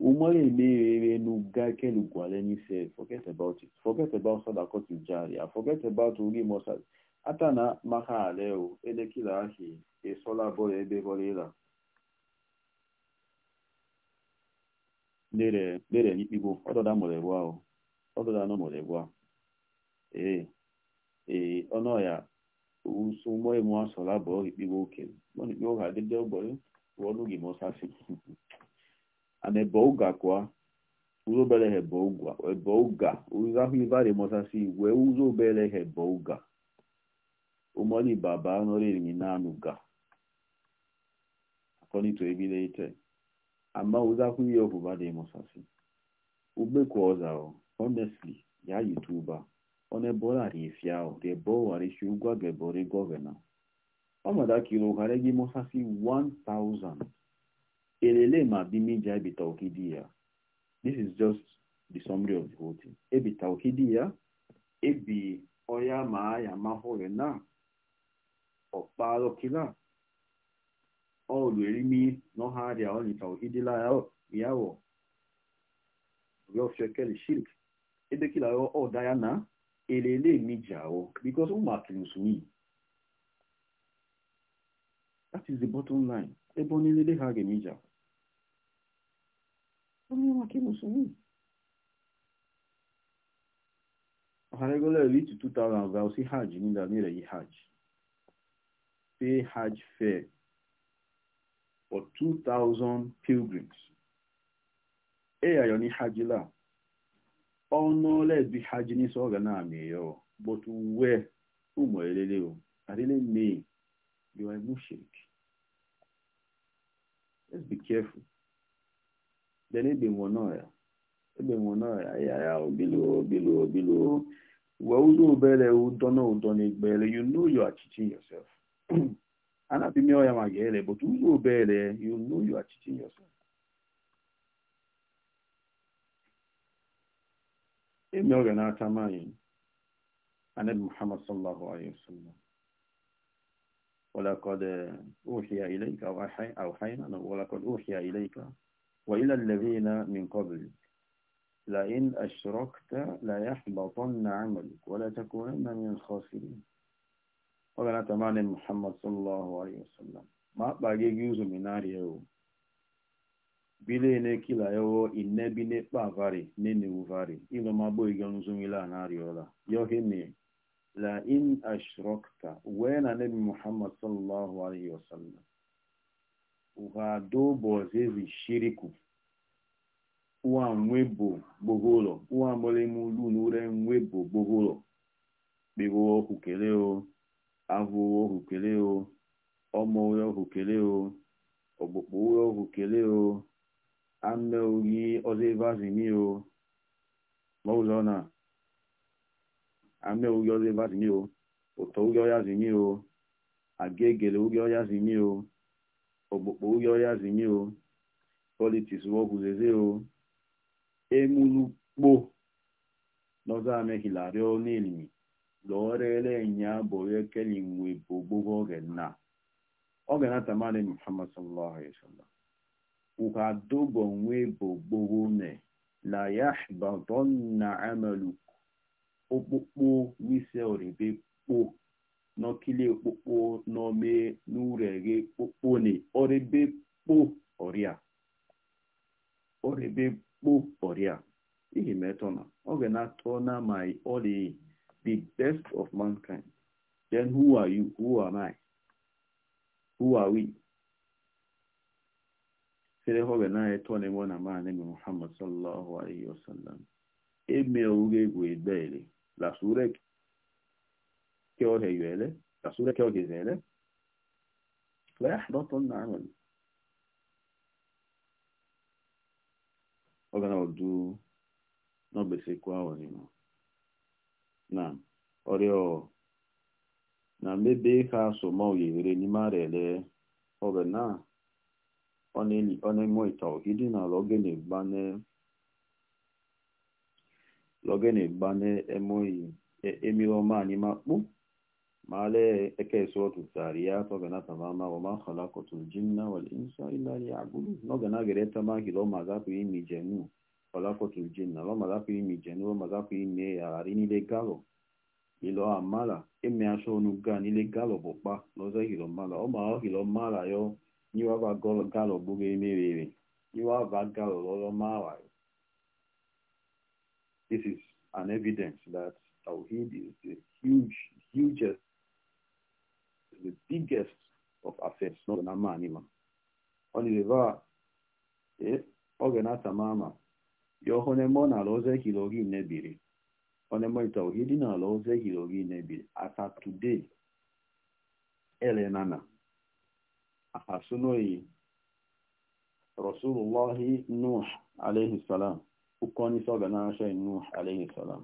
Umare Mere Nugake Lugwaleni said, forget about it. Forget about Forget about Ugi Mosasi. Atana Maha Aleo, Edekila Ahi, a solar boy Ebevorela. Lere, lere, Igbo, other than Molewa, other than Molewa. Eh, eh, Onoya, wọnụghị ma ọsasị ana ụzọ ụga kwa ụzọ obere ha ebe ụgwa ebe ụga ụzọ ahụ ivari mọsasị wee ụzọ obere ha ebe ụga ụmọni baba nọrịrị naanị ụga akọnito ebile ite ama ụzọ ahụ ihe ya yituba onebora rifia gọvanọ ọmọdé kìlọ̀ ọ̀hárẹ́ gí mọ́sá sí one thousand elele ma bí méjì ẹbí taukidiya this is just the summary of the whole thing ẹbí taukidiya ẹbí ọya máa yà máa hórè náà ọ̀pá lọ́kílà ọ̀lùẹ̀rímí nọ́hárẹ̀ ọ̀nì taukidila ìyàwó ọ̀fẹ́kẹ́lì shirk ẹbí kìlọ̀ ọ̀dáyà náà elele méjì àwọ̀ because ó máa kìlọ̀ sùn yìí that is the bottom line ebe onye nlele ha ga-eme ije akwụ onye maka muslim ọgharịgolelu iti 2000 vaụsi hajj nile nire yi hajj pay hajj fare for 2000 pilgrims eyayo ni hajj la ọnụ ole bi hajj n'isi ọ ga na-amị yo but uwe ụmụ elele o adịle mee you are mushrik Let's be careful. Then it be one oil. It be one oil. Yeah, yeah, below, below, below. Well, better, who don't know, know you are cheating yourself. but who better, you know you are cheating yourself. Emi anyị, Muhammad sallallahu ولقد أوحي إليك أو حين ولقد أوحي إليك وإلى الذين من قبل لئن أشركت لا يحبطن عملك ولا تكونن من الخاسرين وقال تمام محمد صلى الله عليه وسلم ما باقي يوزو من نار يوم bile ne kila yo inebi ne kpavare ne ne uvare ilo mabo igonzumila na ariola yo hene la in ashrokta wee na nabi muhammad sallallahu alaihi wasallam uhadobozevi shiriku uamwebo gbogholo uamolemulu nure mwebo gbogholo kpewo hukele o ahụwo hukele o ọmụwe hukele o ọgbụkpụwe hukele o ameohi ọzọ ebe azimi o n'ụzọ na ame ụyọ zeba zinye o ụtọ ụyọ ya zinye o agegele ụyọ ya zinye o ọkpụkpọ ụyọ ya zinye o politiks wọgwuzeze o emulukpo n'ọzọ amehilario n'elimi lọrere nya bụrụ ekele nwe bụ gbogbo oge na oge na tamale muhammad sallallahu alaihi wasallam ukadogo nwe bụ gbogbo ne la yahbadonna amaluku okpukpo n'isi oribe kpo n'okili okpukpo n'ome n'urege kpukpo ni oribe kpo ọrịa oribe kpo ọrịa ihi metona oge na-atọ na my oli the best of mankind then who are you who am i who are we sere oge na-eto na na muhammad sallallahu alaihi la sure que o heyele la sure o la yahbatun amal ogana odu no kwa na na ha so ma oyere ni marele ogana onemi na logene bane emoi e, emiloma ni makbu male eke suratu zariyat wa gana tamama wa ma khalaqatul jinna wal insa illa liya'budun no gana gereta ma hilo maza ku imi jenu khalaqatul jinna lo maza ku imi jenu lo maza ku imi ari ni le galo ilo amala emi aso nu ga ni le galo popa lo ze hilo mala o ma hilo mala yo ni wa ba galo buge imi rere ni wa ba galo lo This is an evidence that Tawheed is the huge, hugest, the biggest of affairs, not an amanima. Oliver, eh, ogenata mama, yo honemo na loze hilogi nebiri. Honemo itawhidi na loze hilogi nebiri. Ata today, elenana. Ahasunoyi, Rasulullah Nuh, alayhi salam. ukonisa ọganasha nuh alayhi salam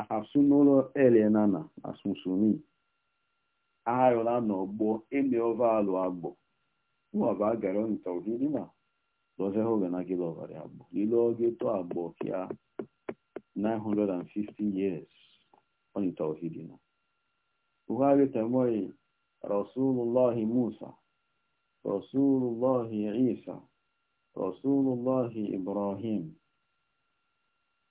ahasunolo elenana asunsumi ahayola n'ọgbọ eme alụ agbọ nwaba gara onita ohirima lọzeha ogana gị lọvarị agbọ ile oge tọ agbọ kia 950 years onita ohirima uharitemoyi rasulullahi musa rasulullahi isa rasulullahi ibrahim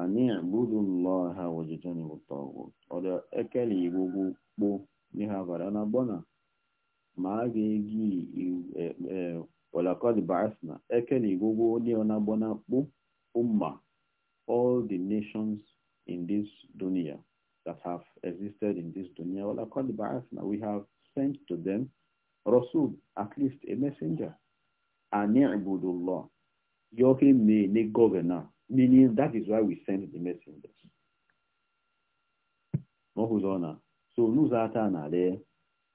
ani agbudu lọọ ha wojijoni ụtọgwụ ọdọ ekele igbo gbogbo n'ihe abara na gbọna ma a ga-egi e, e, e, walakọd basna ekele igbo gbogbo n'ihe na gbọna umma all the nations in this dunya that have existed in this dunya walakọd basna we have sent to them rasul at least a messenger ani agbudu lọọ yọhe mee Meaning that is why we send the messengers. So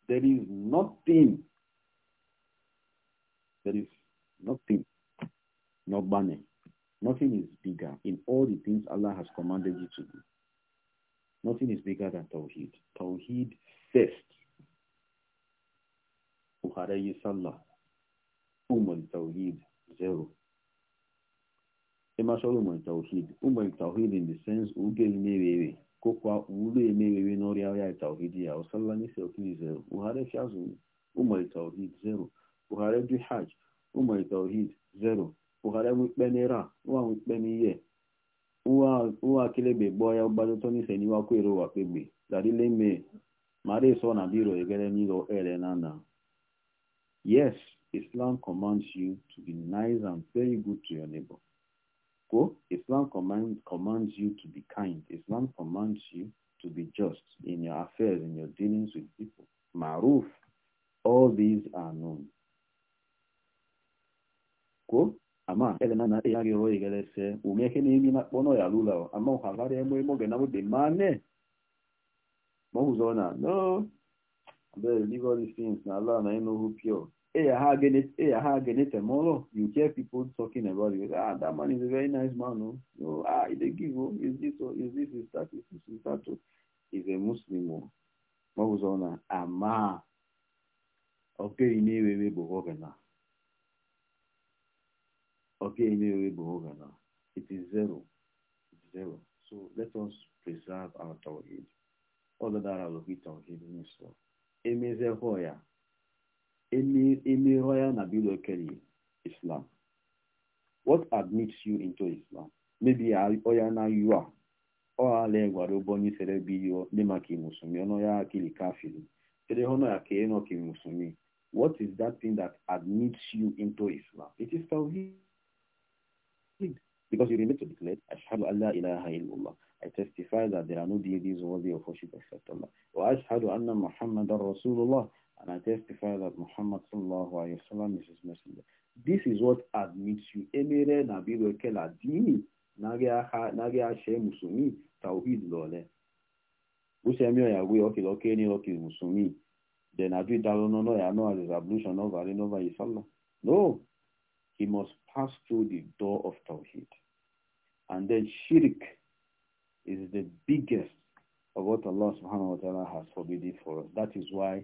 there is nothing. There is nothing. No banning. Nothing is bigger in all the things Allah has commanded you to do. Nothing is bigger than Tawheed. Tawheed first. Umm zero. ịmachọrọ ụmụ tawhid ụmụ tawhid in the sense uge imewewe kokwa ule emewewe n'ọrịa ọrịa tawhid ya ọsala n'isi okiri zero buhari fiazụ ụmụ tawhid zero buhari du hajj ụmụ tawhid zero buhari n'ira nwa nwikpe n'ihe nwa akịlegbe gbọọ ya gbadotọ n'ife n'iwe ero ụwa kpegbe mara eso na biro egere n'ilo ere na na yes islam commands you Quote, Islam command, commands you to be kind. Islam commands you to be just in your affairs, in your dealings with people. Maruf, all these are known. Quote, ama elena na e ya giro igelese umeke ni ni na kpono ya lula ama uhangari emo emo gena mo demane mo huzona no but leave all these things na Allah na you e who pure E how ha it? Hey, how you hear people talking about you. Ah, that man is a very nice man. No, no ah, they give. Oh, is this? Oh, is this? Is that? Is this? Is that? is a Muslim. Oh, what was on that? Ama. Okay, in a way, Okay, It is zero, it's zero. So let us preserve our tawhid. Other than Emiroya Nabil Kelly, Islam. What admits you into Islam? Maybe Oyana oh you are. Or oh, Lengwaro Boni Serebio, Nemaki Musumi, Onoya Kili Kafiri. Telehonoya Keenoki Musumi. What is that thing that admits you into Islam? It is Tawheed. Because you remember to declare, Ashhadu Allah ilaha illallah. I testify that there are no deities worthy of worship except Allah. Wa ashhadu anna Muhammadan Rasulullah. and I testify that Muhammad sallallahu alayhi wa sallam is his messenger. This is what admits you. Emere nabi wekel adini nage ashe musumi tawhid lole. Buse emio ya we oki loke ni loki musumi. Then abi dalo no ya no as ablution of arinova yisalla. No. He must pass through the door of tawhid. And then shirk is the biggest of what Allah subhanahu wa ta'ala has forbidden for us. That is why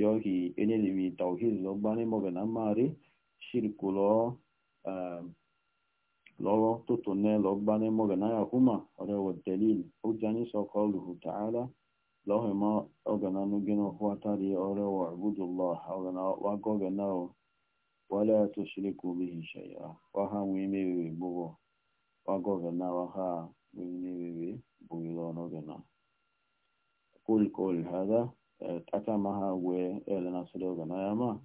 yohi enyelimi tauhid lo gbani mo gana mari shirku lo lọ́wọ́ tó tó ní lọ gbá ní mọ́gànáyà húmà ọ̀rẹ́ wọ̀dẹ̀lìl ó já ní sọ́kọ́ lùhù tààlà lọ́hìmọ́ ọ̀gànánú gínú fúwátàrí ọ̀rẹ́ wọ̀ àgbùdùlọ́ wágọ́gàná o wọlé tó ṣíríkù bí ìṣẹ̀yà wáhá wí mẹ́wẹ̀ẹ́ Atamaha where Elena Sudoganayama.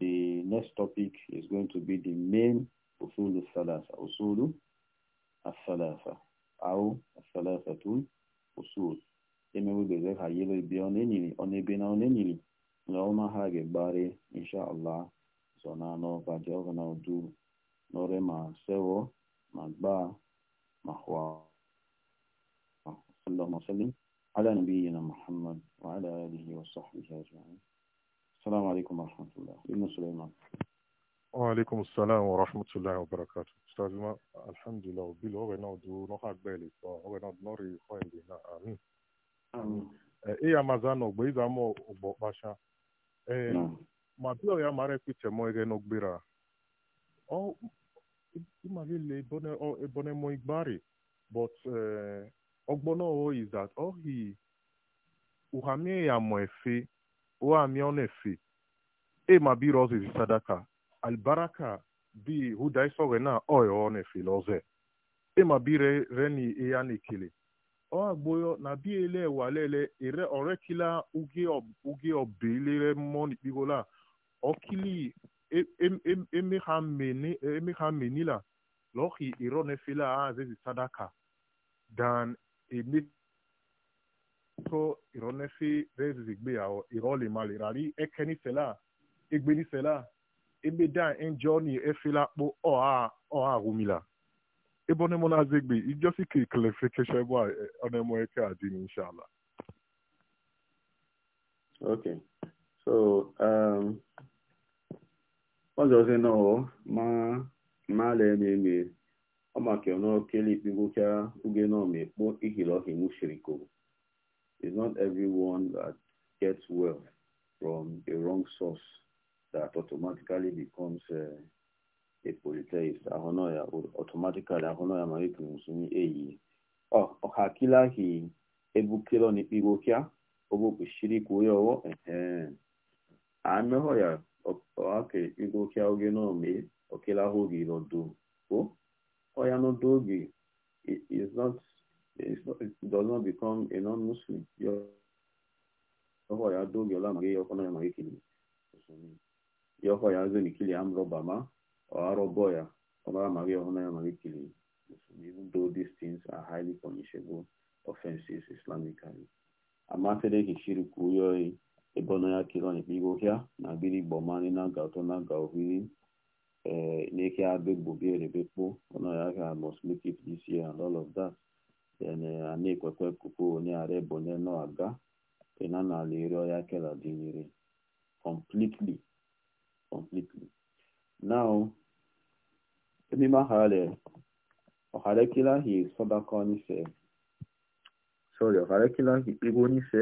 The next topic is going to be the main Usulu Salasa. Usulu asalasa. salasa asalasa As-Salasatul Usul. Emewebeze ha yelo ibi onenili, onebe na onenili. Na ọma ha ga-egbari, inshallah, so na anọ ka Jehova na udu, nọrị ma sewo, ma gbaa, ma hwa. على نبينا محمد وعلى آله وصحبه أجمعين السلام عليكم ورحمة الله ابن سليمان وعليكم السلام ورحمة الله وبركاته أستاذ ما الحمد لله وبيل هو نودو بالي هو نوري خوين دينا آمين آمين إيه أمازانو بيزا مو باشا ما ma يا ya mara kuche mo ege nogbira o imagine le bone o bone mo but eh Ogbono is that ohi uhamie ya mwefe uhamie onefe e mabi roze zi sadaka albaraka bi hudaisoge na oyo onefe loze e mabi re, reni eyani kile ọ agboyo na bi ele walele ere ọrekila uge uge obelere mmụọ n'ikpigola ọkili emegha e, e, e menila lọhi ironefela azezi sadaka dan emeto ironefe rezizi gbeyawo irole malerari ekenisela egbenisela ebeda enjoni efelakpo ọha ọha ahumila ebọnemona zegbe ijosi ka ekelefikesha ebe ọnemo eke adị inshala okay so um ọzọzi nọ ma ma ala eme eme It's not everyone that gets well from a wrong source that automatically becomes uh, a polytheist. Ahonoya automatically ahonoya mariki eyi. Oh, okakila hi ebukilo ni pigokia obo kushiri kuyo ehe. oge no me okela or you're not dogi, it is not, it's not, it does not become a non-Muslim. You're or you're dogi, you're not you're not making Yoko ya zo nikili amrobama or aroboya or amagi ohona magikili. Even though these things are highly punishable offenses Islamically. Amatele kishiri kuyoi ebono ya kiloni bigo kia na bili bomani na gato na gauvili Leke Abegbobere Bekpo, Onoyaga must make it this year and all of that. Then Anekwekwe Kupo One Arebone no Aga, Enana Lero Yakela Dinire. Completely. Completely. Now, he is Sorry, he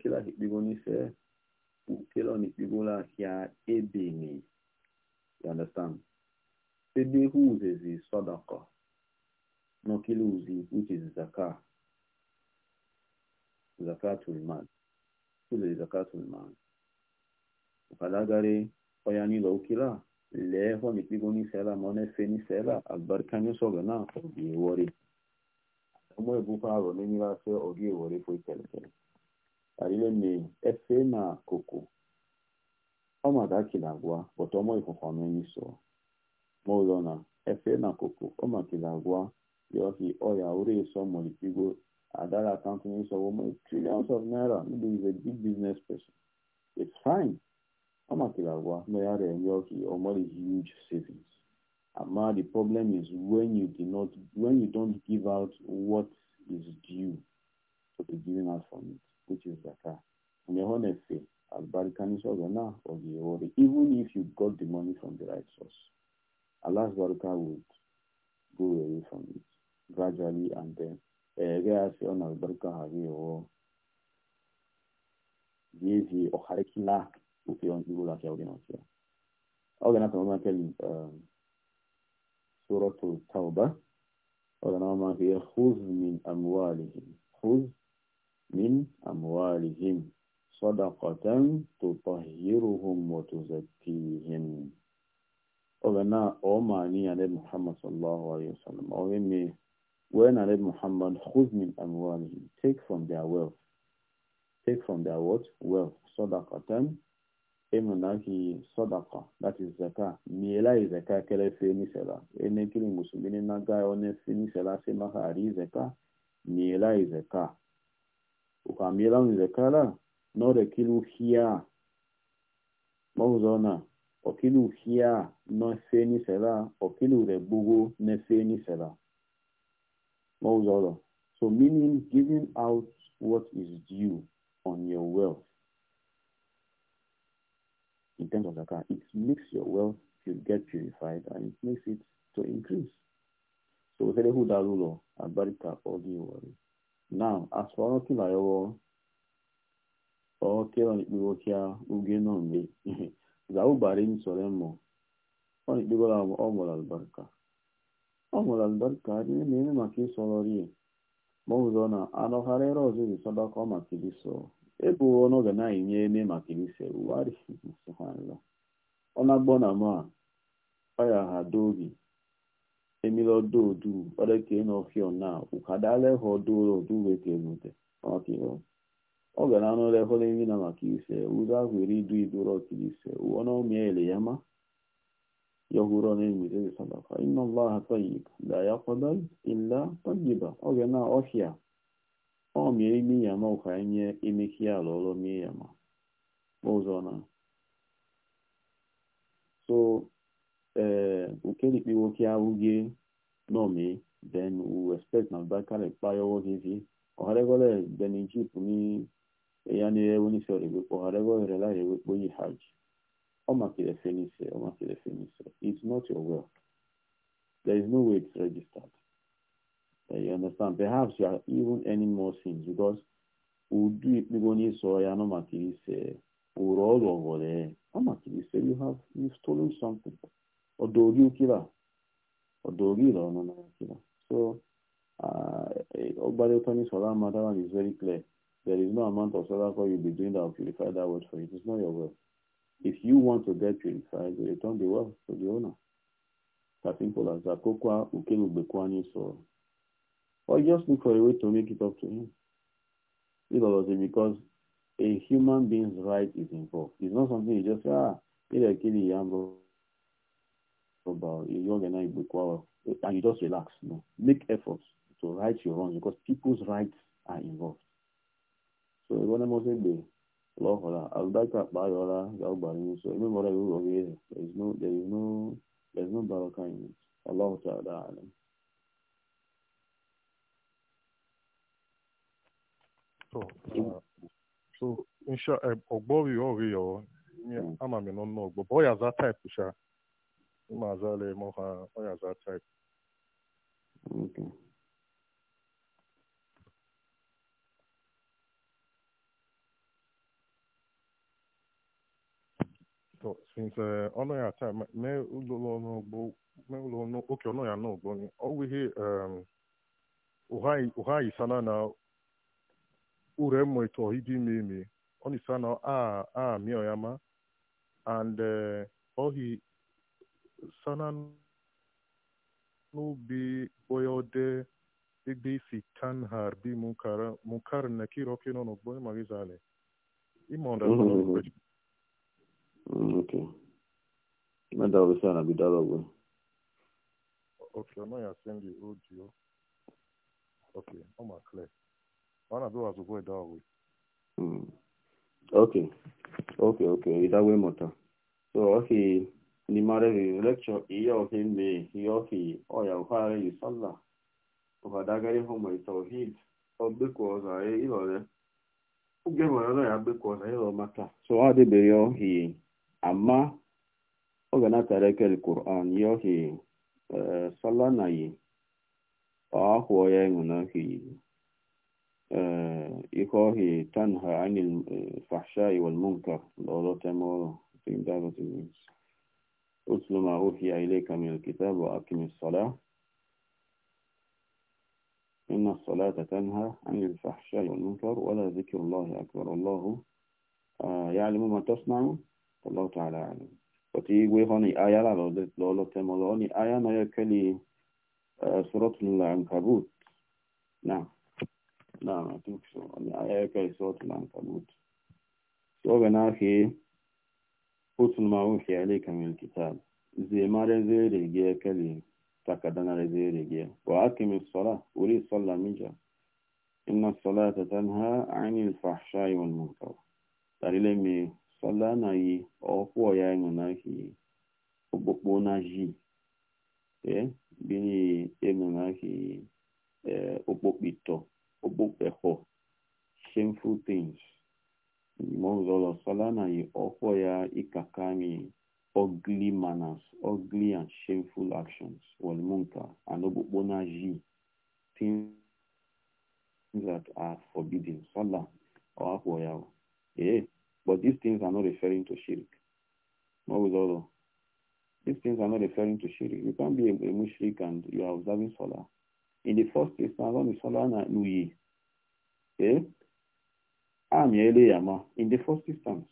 Kia he Ukelon is Bibula here, Ebeni. You understand? Ebe who is the Sadaka? Nokiluzi, which is Zakah. Zakatul Man. Who is Zakatul Man? Ukalagare, Oyani Lokila. Leho ni pigo ni sela, mone fe ni sela, albarkanyo soga na, ogi ewori. Omo ebuka aro, nini la se ogi ewori fo ikelekele. arileme efe na koko but ọmadakilagwa bọtọmọ ifufameni so maụlọna efe na koko ọmakilagwa yohi ọya oreso molipigo adara accounting sowo trillions of naira ndu is a big business person it's fine ọmakilagwa noyara yohi omori huge savings ama the problem is when you do not when you don't give out what is due to be given out from you which is zakah. And eh? your honest say, Al-Barikani Sogana or the Ori, even if you got the money from the right source, Allah's Barakah would go away from it gradually and then uh eh, on Al-Barakah have you or the Oharekila will be on the Ula Kaudinotia. Organ up a moment um Surah to Tawbah, Organ up a moment here, Khuz min Amwalihim, Khuz من أموالهم صدقة تطهرهم وتزكيهم أغنى أماني على محمد صلى الله عليه وسلم أغنى when على محمد خذ من أموالهم take from their wealth take from their what wealth صدقة emunaki sadaqa that is zaka miela is zaka kele finisela ene kili musumini naga one finisela sema hari zaka miela is zaka ukaambia nzekala nore kilu hia mawzona okilu hia no feni sela okilu rebugo ne feni sela mawzolo so meaning giving out what is due on your wealth in terms of zakah it makes your wealth to get purified and it makes it to increase so sele hudalulo albarika all the worry na as for Rocky Layowo, or Kelon Iwokia, Ugenombe, Zaubarin Solemo, on it na of Omol Albarca. Omol Albarca, you name Maki Solori, Mozona, Anohare Rose, Sadako Makiliso, Ebu no ụwa a ọ ya emilo ọdụ ole ka na ka enute ọ na anụle hole nri na maka ise uzo ahụ iri du iduro kilise uwo na omie ele ya ma yahuro na emire sadaka inna allah tayyib la oge na imi ya ma nye imeki ala mie ya ma ụzọ na so ukeli piwo kia uge nomi then we expect na bakare payowo hivi oharegole then egypt ni yani ewo ni sori we oharegole rela ewe boyi hajj omakile fenise omakile fenise it's not your work there is no way it's registered uh, you understand perhaps you are even any more sins because udu ikpigo ni so ya no makile se uro ọlọwọre omakile se you have you stolen something odogi ukila odogi ilona na ukila so ogbade tony sola madawan is very clear there is no amount of sadaqa you'll be doing that will purify that word for you it's not your will if you want to get purified return the wealth to the owner as simple as that kokwa ukenugbekwanyi so or just look for a way to make it up to him you know because a human being's right is involved it's not something you just say ah either kill the young about you're organized in Bukwawa, and you just relax. No, make efforts to right your wrong because people's rights are involved. So when I'm saying the law, I'll back up by Allah, Yola, Yalbani. So remember that rule of it. There is no, there is no, there's no barakah in it. Allah Ta'ala. So, uh, so, inshallah, Ogbo, you are real. Yeah, I'm a man non but Boy, as that type, sure. ma ala eme ha onye aza type okay. so since uh, ọnụ ya taa mee ụlọ ọnụgbo mee ụlọ ọnụ oke ọnụ ya n'ugbo ọwụ ihe um, ụha isana na ure mmụ etu ọhịdị ime ime ọ na-esa na a mịọ ya ma and uh, ọhị sanannubi boyode igbi si tanhar bi munkara munkar nakiro kino nọ boy magizale imonda mhm, mhm. mhm, okay manda obisana bidalo bwe okay no ya send the audio okay oh mota so okay o nimarere lecture iya oke me yoki oya uhare yusalla uhadagari homo itawhid ogbekwoza ilore oge nwere ọzọ ya gbekwoza ịlọ maka so adịbere ohi ama oge natara ekele quran yohi eh, sala na yi ọhụọ ya hi eh, ohi ihe ohi tanha anil eh, fahsha iwal munkar lọrọ temọrọ think that's what it means أتل ما أوحي إليك من الكتاب وأقم الصلاة إن الصلاة تنهى عن الفحشاء والمنكر ولا ذكر الله أكبر الله آه، يعلم ما تصنع الله تعالى يعلم وتي ويهوني آية لا لو تمولوني آية ما يكلي آه، سورة العنكبوت نعم نعم أتوك سورة آية يكلي سورة العنكبوت سورة ناخي otu ma ofe alaika min kitab zai mare zai rege ya kale takadana zai rege wa akimi sala wuri salla mija inna salata tanha anil fahsha'i wal munkar tarile mi salla na yi ọkwọ ya inu na ki okpokpo na ji eh bini inu na ki eh okpokpito okpokpeho shameful things Mozolo Solana ye Okoya Ikakami ugly manners, ugly and shameful actions, Walmunka, and Obubonaji, things that are forbidden. Salah or Akoya. Yeah. But these things are not referring to shirk. Mozolo. These things are not referring to shirk. You can't be a, mushrik and you are observing Salah. In the first instance, on the Solana Nuyi. Yeah amiele yama in the first instance.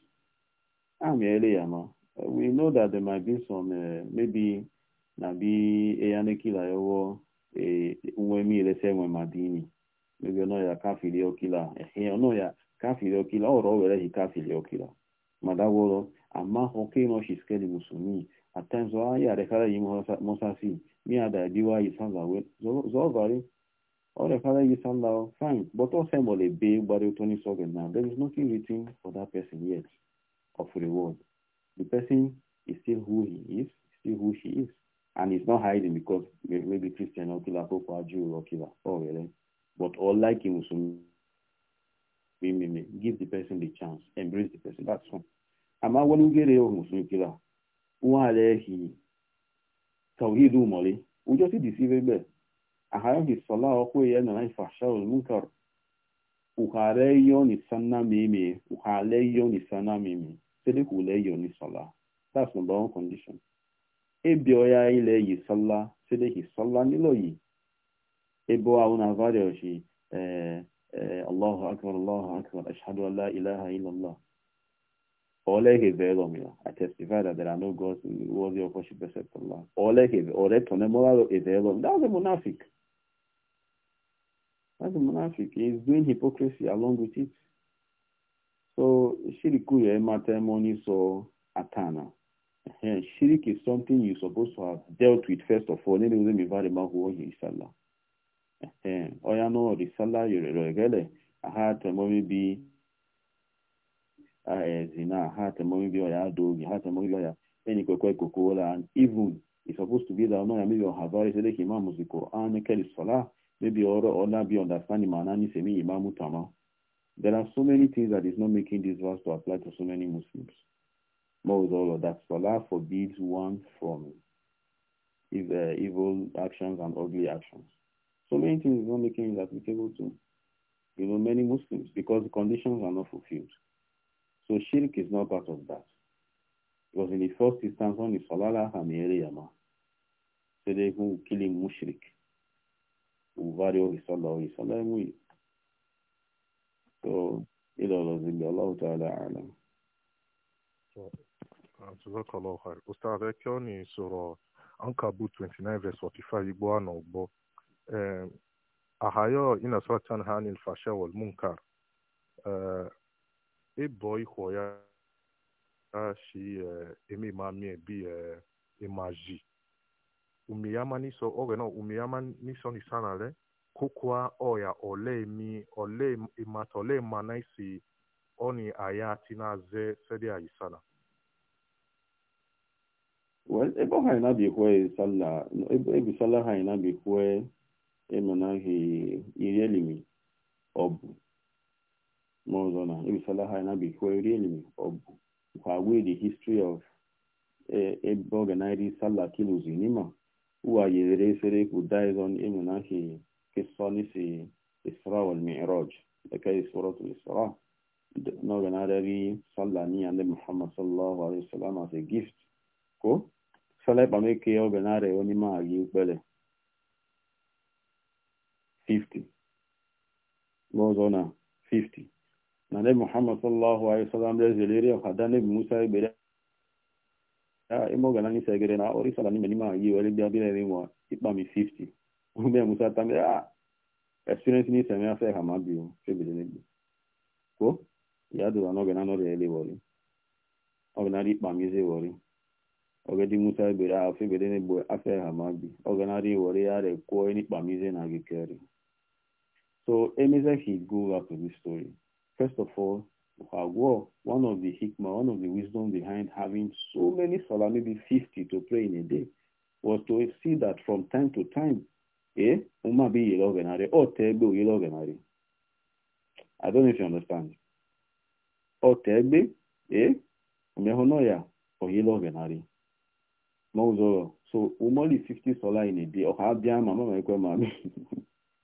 Amiele yama. Uh, we know that there might be some uh, maybe nabi eyanekila eh, yowo eh, unwemi ilese enwe madini. Maybe ono ya kafili okila. Ehe eh, ono ya kafili okila. Oro were hi kafili okila. Madawolo ama hoke no shiskeli musumi. At times wa ya rekala yi mosasi. Mi ada diwa yi sanza we. Zo zo vari. All the father you stand out, fine. But also more a big body Tony Sogan now. There is nothing written for that person yet of reward. The person is still who he is, still who she is. And he's not hiding because maybe Christian or killer or Jew or killer. Oh really? But all like him me me me. give the person the chance, embrace the person. That's one. Am I willing to get a Muslim killer? Why he he do Molly? We just see deceiving best ahayohi sala okwe ya na ifashal munkar uhare yo ni sana mimi uhale yo ni sana mimi sele kule ni sala that's number one condition ebi oya ile yi sala sele hi sala nilo yi ebo auna vare oshi eh eh allahu akbar allahu akbar ashhadu an la ilaha illa allah Oleke velo mio. I testify that there are no gods worthy of worship except Allah. Oleke, ore tonemora evelo. That's a monastic. That's a monarchic. He's doing hypocrisy along with it. So shirikuya matrimony so atana. Shirik is something you're supposed to have dealt with first of all. Nínú ìwé ìbára máa hu ọyẹ ìsàlá. Ọya náà rí sálá yòrò rẹ̀ gẹ́lẹ̀. Àhá tẹ̀mọ́mí bí zina. Àhá tẹ̀mọ́mí bí ọ̀yà àdóògì. Àhá tẹ̀mọ́mí lọ́yà. Ẹni kọ̀kọ́ ìkòkò wọ́la. And even it's supposed to be that ọ̀nà yàmi yọ̀ hàbárí sílẹ̀ kì í máa mùsùlùkọ̀. Àwọn ẹnikẹ́ni sọ̀lá. Maybe or or be understanding manani semi imamu tama. There are so many things that is not making this verse to apply to so many Muslims. More with all of that, Salah forbids one from uh, evil actions and ugly actions. So many things is not making it applicable to, you know, many Muslims because the conditions are not fulfilled. So shirk is not part of that. Because in the first instance, only Salah and Yama. So they who killing mushrik. uvari ogisala ogisala emui so ilolozimbi allahu taala Allah jazakallahu khair ustaz ẹ kí ọ ní sọ̀rọ̀ ankabu twenty nine verse forty five igbó àná ọgbọ ahayọ inasọ tanhan ilfasha wal munkar ịbọ ihọ ya shi eme imami bi imaji umeyamanisha ogena umeyamanisha ale kukwa oya ole mi ole imata ole manaisi oni ayati naze sedi ayisana well ebo ha na bi kwe sala ebi sala ha na bi kwe emana hi irelimi obu mozo na ebi sala ha na bi kwe irelimi obu kwa we the history of eh, ebe organized sala kiluzi nima huwa yezere kudaizon imunaki kisanisi isra wal mi'raj لكي سورة الإسراء نوغن عربي صلى ني عند محمد صلى الله عليه وسلم as a gift ko sala ba me ke ogan are oni ma agi pele 50 mozona 50 na ne muhammad sallallahu alaihi wasallam le zeleri o khadane musa ibere ime ọga nanị segere na ọrụ isala n'ime n'ime ahụ were bịa bịa nwa ịkpa mi 50 ume ah, musa ta ah, mere a experience ni sẹmi afẹ ha ma bio febile n'egbe ko ya dụrụ na na nọrọ ele wọrị ọga na ịkpa mi ze wọrị ọga dị musa ebere ahụ febile n'egbe afẹ ha ma bi ọga na wọrị ya re kwuo n'ịkpa mi ze na gị kere so emeze he go back to this story first of all Wagwo, one of the hikma one of the wisdom behind having so many salah, maybe 50 to pray in a day, was to see that from time to time, eh, umma bi yilogenare, or tegbe yilogenare. I don't know if you understand. Or tegbe, eh, umehonoya, or yilogenare. Mozoro. So, umoli 50 salah in a day, or habiam, mama, my grandma.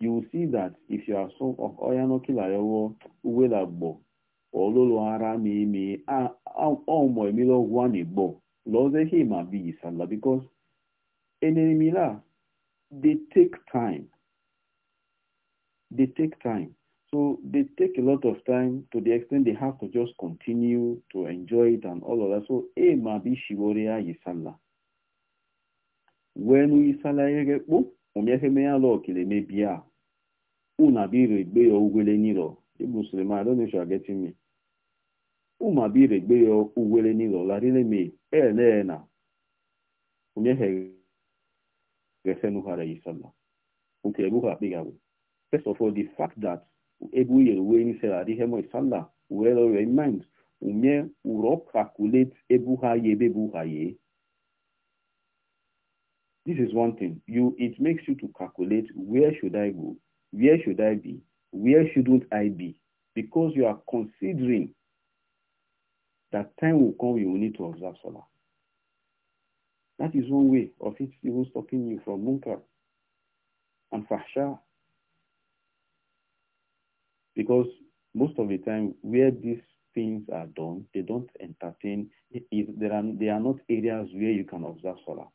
you will see that if you are so oyanokilayowo uwelagbo ololoharamimi ọmọ emilo wanigbo lọze him bi isala because enemila they take time they take time so they take a lot of time to the extent they have to just continue to enjoy it and all of that so ma bi shiboria isala wenu isala yegekpo omieheme ya kile kele mebia una bi regbe yo niro ibu sulema i don't know if you are getting me uma bi regbe yo ugwele niro larile mi ele e na unyehe gesenu hara isalla uke ebu ha bigawo first of all the fact that ebu ye we ni sera di hemo isalla well already mind umye uro calculate ebu ha ye bebu ha ye this is one thing you it makes you to calculate where should i go Where should I be? Where shouldn't I be? Because you are considering that time will come you will need to observe Salah. That is one way of it even stopping you from munkar and fahsha. Because most of the time where these things are done, they don't entertain. If there are, they are not areas where you can observe Salah.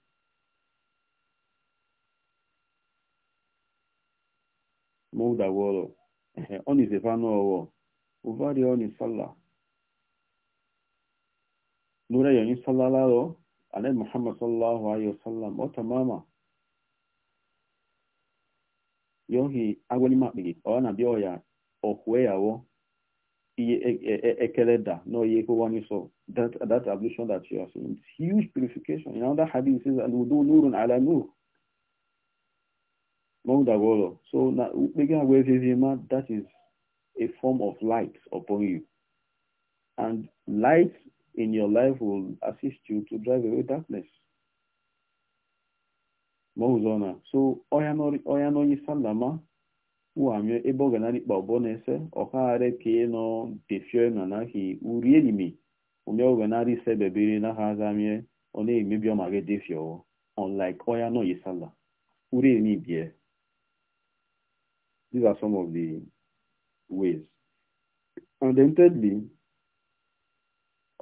mouda ehe oni zefano owo uvari oni salla nura yoni salla lalo ane muhammad sallallahu alaihi wasallam o tamama yohi agwali ọ o na bi oya okwe yawo iye e, e, e, ekele ndị no iye ko so that that ablution that you are seeing it's huge purification you know that hadith says al wudu nurun ala nur long dagolo. So ma that is a form of light upon you. And light in your life will assist you to drive away darkness. Mahuzona. So na Onye oyanoni sandama uamyo ọ ganani babonese okare keno defio nanahi urielimi. Umyo ganari sebebiri na ise na-adị na hazamye one imibio mage defio. Unlike oyano yisala. Uri ni bie. These are some of the ways. And then thirdly,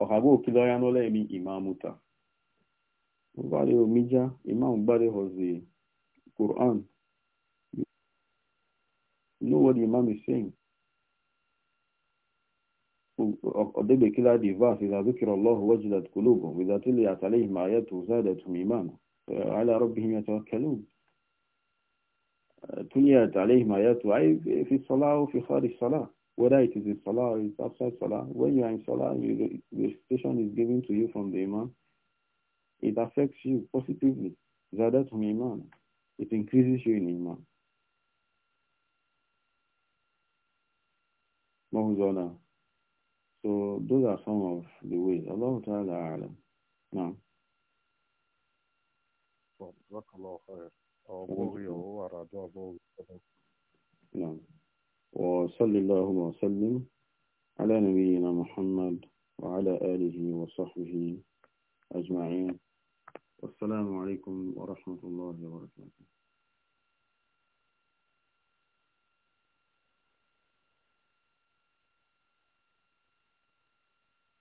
ọ̀hàgbọ́ òkìlọ́yà náà lẹ́ẹ̀mí ìmáàmúta. Wọ́n bá lè omi já, ìmáàmù bá lè họ̀zẹ̀ Quran. You know what the imam is saying? ọ̀dẹ́gbẹ̀kílá di verse ìzàzúkìrọ̀ lọ́hùn wọ́jìdàt kúlógún ìzàtílẹ̀ àtàlẹ́yìn máa yẹ́ tó záàdẹ̀ tó mímánà. Àlàrọ̀ bí i yẹn tó kẹlógún tuniyat alayhim ayatu ay في الصلاة وفي خارج الصلاة salah whether it is in salah or it's outside salah when you are in salah you, station is given to you from the imam it affects you positively zadatum iman it increases you in iman Mahuzana. So those are some of the ways. Allah Ta'ala Alam. Now. Well, أبوه هو أراد أبوه نعم وصلى اللهم وسلم على نبينا محمد وعلى آله وصحبه أجمعين والسلام عليكم ورحمة الله وبركاته